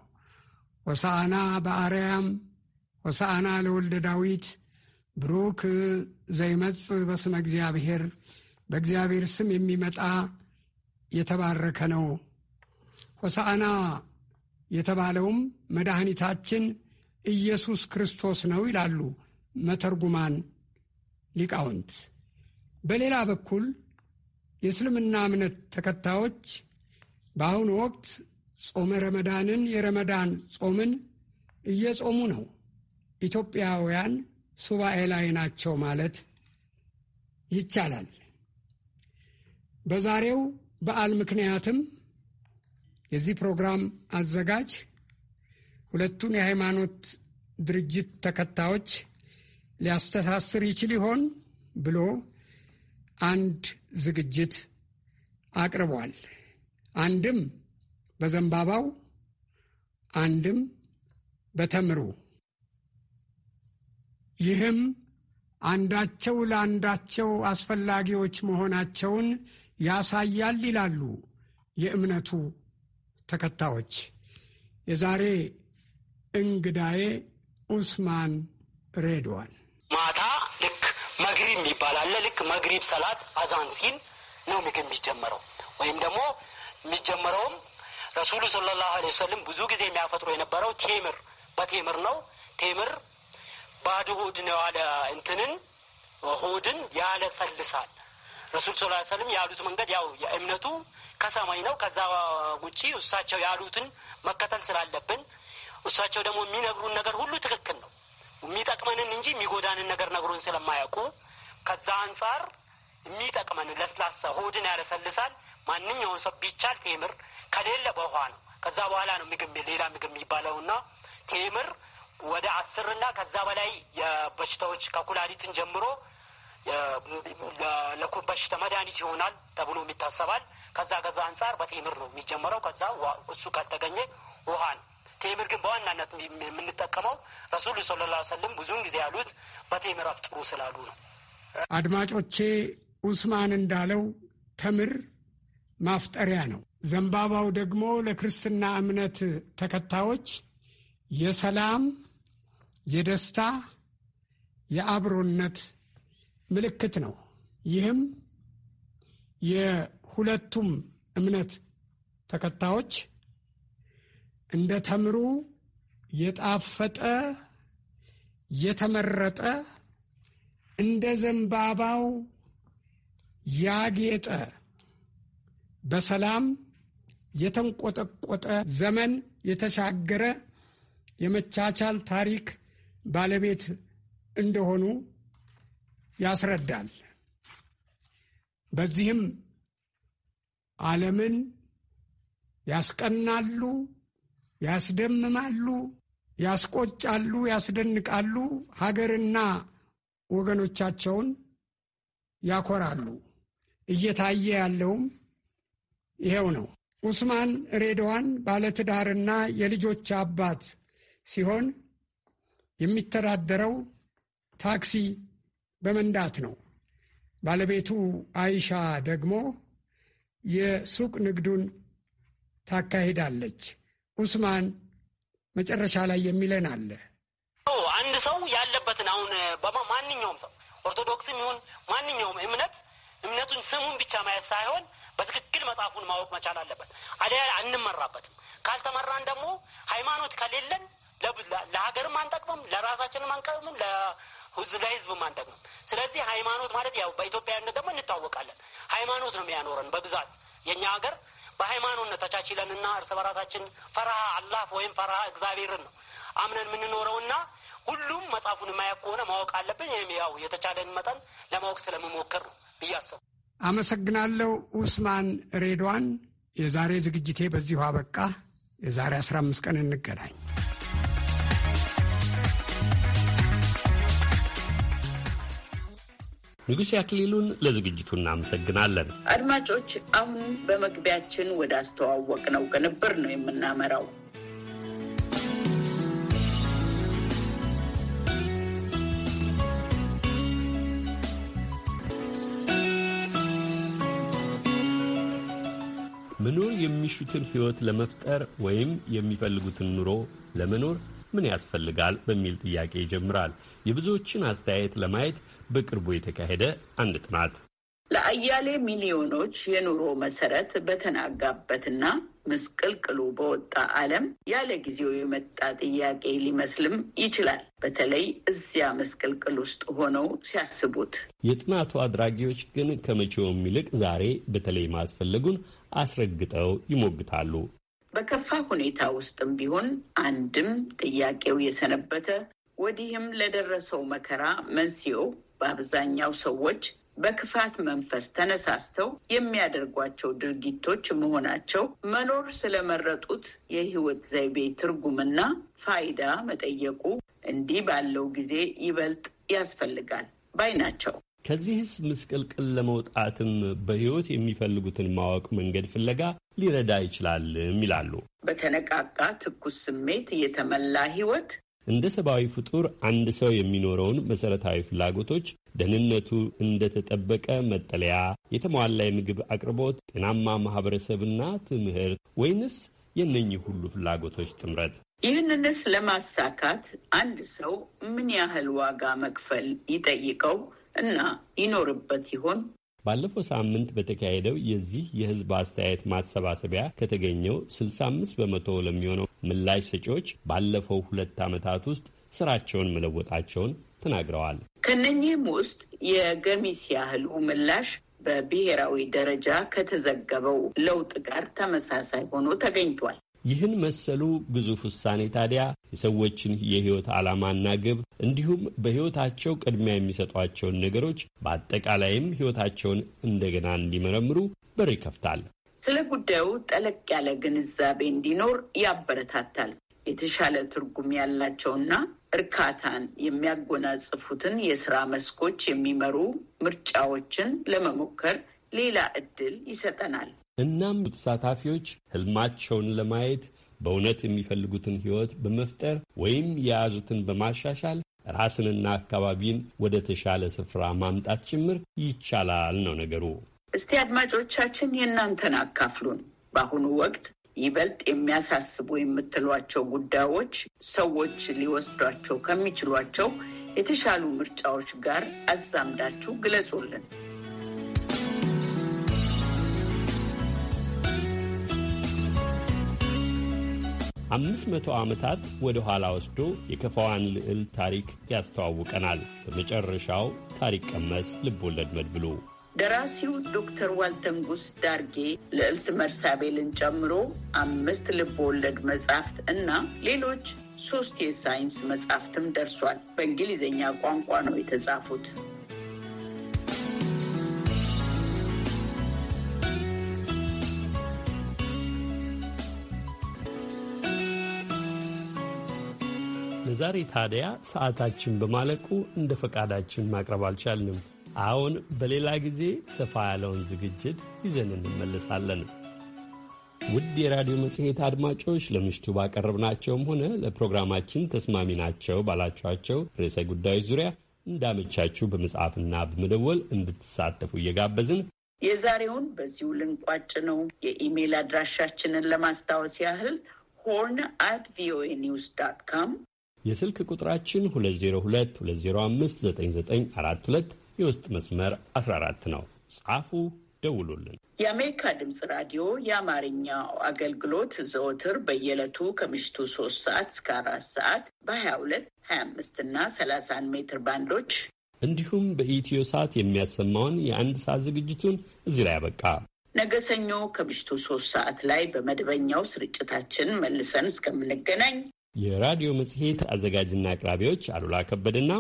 ሆሳና በአርያም ሆሳና ለወልደ ዳዊት ብሩክ ዘይመጽ በስመ እግዚአብሔር በእግዚአብሔር ስም የሚመጣ የተባረከ ነው። ሆሳና የተባለውም መድኃኒታችን ኢየሱስ ክርስቶስ ነው ይላሉ መተርጉማን ሊቃውንት። በሌላ በኩል የእስልምና እምነት ተከታዮች በአሁኑ ወቅት ጾመ ረመዳንን የረመዳን ጾምን እየጾሙ ነው። ኢትዮጵያውያን ሱባኤ ላይ ናቸው ማለት ይቻላል። በዛሬው በዓል ምክንያትም የዚህ ፕሮግራም አዘጋጅ ሁለቱን የሃይማኖት ድርጅት ተከታዮች ሊያስተሳስር ይችል ይሆን ብሎ አንድ ዝግጅት አቅርቧል። አንድም በዘንባባው አንድም በተምሩ ይህም አንዳቸው ለአንዳቸው አስፈላጊዎች መሆናቸውን ያሳያል ይላሉ የእምነቱ ተከታዮች። የዛሬ እንግዳዬ ኡስማን ሬድዋን ልክ መግሪብ ሰላት አዛን ሲል ነው ምግብ የሚጀመረው። ወይም ደግሞ የሚጀመረውም ረሱሉ ሰለላሁ ዐለይሂ ወሰለም ብዙ ጊዜ የሚያፈጥሮ የነበረው ቴምር በቴምር ነው። ቴምር ባዶ ሆድ ነው ያለ እንትንን ሆድን ያለሰልሳል። ረሱል ሰለላሁ ዐለይሂ ወሰለም ያሉት መንገድ ያው እምነቱ ከሰማይ ነው። ከዛ ውጪ እሳቸው ያሉትን መከተል ስላለብን እሳቸው ደግሞ የሚነግሩን ነገር ሁሉ ትክክል ነው። የሚጠቅመንን እንጂ የሚጎዳንን ነገር ነግሮን ስለማያውቁ ከዛ አንጻር የሚጠቅመን ለስላሳ ሆድን ያለሰልሳል። ማንኛውን ሰው ቢቻል ቴምር ከሌለ በውሃ ነው። ከዛ በኋላ ነው ምግብ ሌላ ምግብ የሚባለውና ቴምር ወደ አስርና ከዛ በላይ የበሽታዎች ከኩላሊትን ጀምሮ በሽታ መድኃኒት ይሆናል ተብሎ የሚታሰባል። ከዛ ከዛ አንጻር በቴምር ነው የሚጀመረው። ከዛ እሱ ከተገኘ ውሃ ነው። ቴምር ግን በዋናነት የምንጠቀመው ረሱሉ ሰለላሁ ዐለይሂ ወሰለም ብዙውን ጊዜ ያሉት በቴምር አፍጥሩ ስላሉ ነው። አድማጮቼ ኡስማን እንዳለው ተምር ማፍጠሪያ ነው። ዘንባባው ደግሞ ለክርስትና እምነት ተከታዮች የሰላም፣ የደስታ፣ የአብሮነት ምልክት ነው። ይህም የሁለቱም እምነት ተከታዮች እንደ ተምሩ የጣፈጠ የተመረጠ እንደ ዘንባባው ያጌጠ በሰላም የተንቆጠቆጠ ዘመን የተሻገረ የመቻቻል ታሪክ ባለቤት እንደሆኑ ያስረዳል። በዚህም ዓለምን ያስቀናሉ፣ ያስደምማሉ፣ ያስቆጫሉ፣ ያስደንቃሉ። ሀገርና ወገኖቻቸውን ያኮራሉ። እየታየ ያለውም ይሄው ነው። ኡስማን ሬድዋን ባለትዳርና የልጆች አባት ሲሆን የሚተዳደረው ታክሲ በመንዳት ነው። ባለቤቱ አይሻ ደግሞ የሱቅ ንግዱን ታካሂዳለች። ኡስማን መጨረሻ ላይ የሚለን አለ ሰው ያለበትን አሁን በማንኛውም ሰው ኦርቶዶክስም ይሁን ማንኛውም እምነት እምነቱን ስሙን ብቻ ማየት ሳይሆን በትክክል መጽሐፉን ማወቅ መቻል አለበት። አሊያ አንመራበትም። ካልተመራን ደግሞ ሃይማኖት ከሌለን ለሀገርም አንጠቅምም፣ ለራሳችንም አንጠቅምም፣ ለሕዝብም አንጠቅምም። ስለዚህ ሃይማኖት ማለት ያው በኢትዮጵያዊነት ደግሞ እንታወቃለን። ሃይማኖት ነው የሚያኖረን በብዛት የእኛ ሀገር በሃይማኖት ተቻችለንና እርስ በራሳችን ፈረሃ አላህ ወይም ፈረሃ እግዚአብሔርን ነው አምነን የምንኖረውና ሁሉም መጽሐፉን የማያውቅ ከሆነ ማወቅ አለብን። ይህም ያው የተቻለን መጠን ለማወቅ ስለመሞከር ነው ብያሰብ አመሰግናለሁ። ኡስማን ሬድዋን። የዛሬ ዝግጅቴ በዚሁ አበቃ። የዛሬ 15 ቀን እንገናኝ። ንጉሥ አክሊሉን ለዝግጅቱ እናመሰግናለን። አድማጮች፣ አሁን በመግቢያችን ወደ አስተዋወቅ ነው ቅንብር ነው የምናመራው የሚሹትን ሕይወት ለመፍጠር ወይም የሚፈልጉትን ኑሮ ለመኖር ምን ያስፈልጋል በሚል ጥያቄ ይጀምራል። የብዙዎችን አስተያየት ለማየት በቅርቡ የተካሄደ አንድ ጥናት ለአያሌ ሚሊዮኖች የኑሮ መሰረት በተናጋበትና ምስቅልቅሉ በወጣ ዓለም ያለ ጊዜው የመጣ ጥያቄ ሊመስልም ይችላል። በተለይ እዚያ ምስቅልቅል ውስጥ ሆነው ሲያስቡት። የጥናቱ አድራጊዎች ግን ከመቼውም ይልቅ ዛሬ በተለይ ማስፈለጉን አስረግጠው ይሞግታሉ። በከፋ ሁኔታ ውስጥም ቢሆን አንድም ጥያቄው የሰነበተ ወዲህም ለደረሰው መከራ መንስኤው በአብዛኛው ሰዎች በክፋት መንፈስ ተነሳስተው የሚያደርጓቸው ድርጊቶች መሆናቸው መኖር ስለመረጡት የሕይወት ዘይቤ ትርጉምና ፋይዳ መጠየቁ እንዲህ ባለው ጊዜ ይበልጥ ያስፈልጋል ባይ ናቸው። ከዚህስ ምስቅልቅል ለመውጣትም በሕይወት የሚፈልጉትን ማወቅ መንገድ ፍለጋ ሊረዳ ይችላልም ይላሉ። በተነቃቃ ትኩስ ስሜት የተመላ ሕይወት እንደ ሰብአዊ ፍጡር አንድ ሰው የሚኖረውን መሠረታዊ ፍላጎቶች ደህንነቱ እንደተጠበቀ መጠለያ፣ የተሟላ የምግብ አቅርቦት፣ ጤናማ ማኅበረሰብና ትምህርት ወይንስ የእነኚህ ሁሉ ፍላጎቶች ጥምረት? ይህንንስ ለማሳካት አንድ ሰው ምን ያህል ዋጋ መክፈል ይጠይቀው እና ይኖርበት ይሆን? ባለፈው ሳምንት በተካሄደው የዚህ የህዝብ አስተያየት ማሰባሰቢያ ከተገኘው 65 በመቶ ለሚሆነው ምላሽ ሰጪዎች ባለፈው ሁለት ዓመታት ውስጥ ስራቸውን መለወጣቸውን ተናግረዋል። ከነኚህም ውስጥ የገሚስ ያህሉ ምላሽ በብሔራዊ ደረጃ ከተዘገበው ለውጥ ጋር ተመሳሳይ ሆኖ ተገኝቷል። ይህን መሰሉ ግዙፍ ውሳኔ ታዲያ የሰዎችን የሕይወት ዓላማና ግብ እንዲሁም በሕይወታቸው ቅድሚያ የሚሰጧቸውን ነገሮች በአጠቃላይም ሕይወታቸውን እንደገና እንዲመረምሩ በር ይከፍታል። ስለ ጉዳዩ ጠለቅ ያለ ግንዛቤ እንዲኖር ያበረታታል። የተሻለ ትርጉም ያላቸውና እርካታን የሚያጎናጽፉትን የስራ መስኮች የሚመሩ ምርጫዎችን ለመሞከር ሌላ እድል ይሰጠናል። እናም ተሳታፊዎች ህልማቸውን ለማየት በእውነት የሚፈልጉትን ህይወት በመፍጠር ወይም የያዙትን በማሻሻል ራስንና አካባቢን ወደ ተሻለ ስፍራ ማምጣት ጭምር ይቻላል ነው ነገሩ። እስቲ አድማጮቻችን የእናንተን አካፍሉን። በአሁኑ ወቅት ይበልጥ የሚያሳስቡ የምትሏቸው ጉዳዮች ሰዎች ሊወስዷቸው ከሚችሏቸው የተሻሉ ምርጫዎች ጋር አዛምዳችሁ ግለጹልን። አምስት መቶ ዓመታት ወደ ኋላ ወስዶ የከፋዋን ልዕል ታሪክ ያስተዋውቀናል። በመጨረሻው ታሪክ ቀመስ ልብወለድ መድብሉ ደራሲው ዶክተር ዋልተንጉስ ዳርጌ ልዕልት መርሳቤልን ጨምሮ አምስት ወለድ መጻሕፍት እና ሌሎች ሶስት የሳይንስ መጻሕፍትም ደርሷል። በእንግሊዝኛ ቋንቋ ነው የተጻፉት። ለዛሬ ታዲያ ሰዓታችን በማለቁ እንደ ፈቃዳችን ማቅረብ አልቻልንም። አሁን በሌላ ጊዜ ሰፋ ያለውን ዝግጅት ይዘን እንመለሳለን። ውድ የራዲዮ መጽሔት አድማጮች ለምሽቱ ባቀረብናቸውም ሆነ ለፕሮግራማችን ተስማሚ ናቸው ባላችኋቸው ርዕሰ ጉዳዮች ዙሪያ እንዳመቻችሁ በመጽሐፍና በመደወል እንድትሳተፉ እየጋበዝን የዛሬውን በዚሁ ልንቋጭ ነው። የኢሜይል አድራሻችንን ለማስታወስ ያህል ሆርን አት ቪኦኤ ኒውስ ዳት ካም የስልክ ቁጥራችን 2022059942 የውስጥ መስመር 14 ነው። ጻፉ፣ ደውሉልን። የአሜሪካ ድምፅ ራዲዮ የአማርኛው አገልግሎት ዘወትር በየዕለቱ ከምሽቱ 3 ሰዓት እስከ 4 ሰዓት በ22፣ 25 እና 30 ሜትር ባንዶች እንዲሁም በኢትዮ ሰዓት የሚያሰማውን የአንድ ሰዓት ዝግጅቱን እዚህ ላይ ያበቃ። ነገ ሰኞ ከምሽቱ ሶስት ሰዓት ላይ በመደበኛው ስርጭታችን መልሰን እስከምንገናኝ የራዲዮ መጽሔት አዘጋጅና አቅራቢዎች አሉላ ከበድና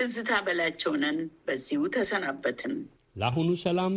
ትዝታ በላቸውነን በዚሁ ተሰናበትን። ለአሁኑ ሰላም፣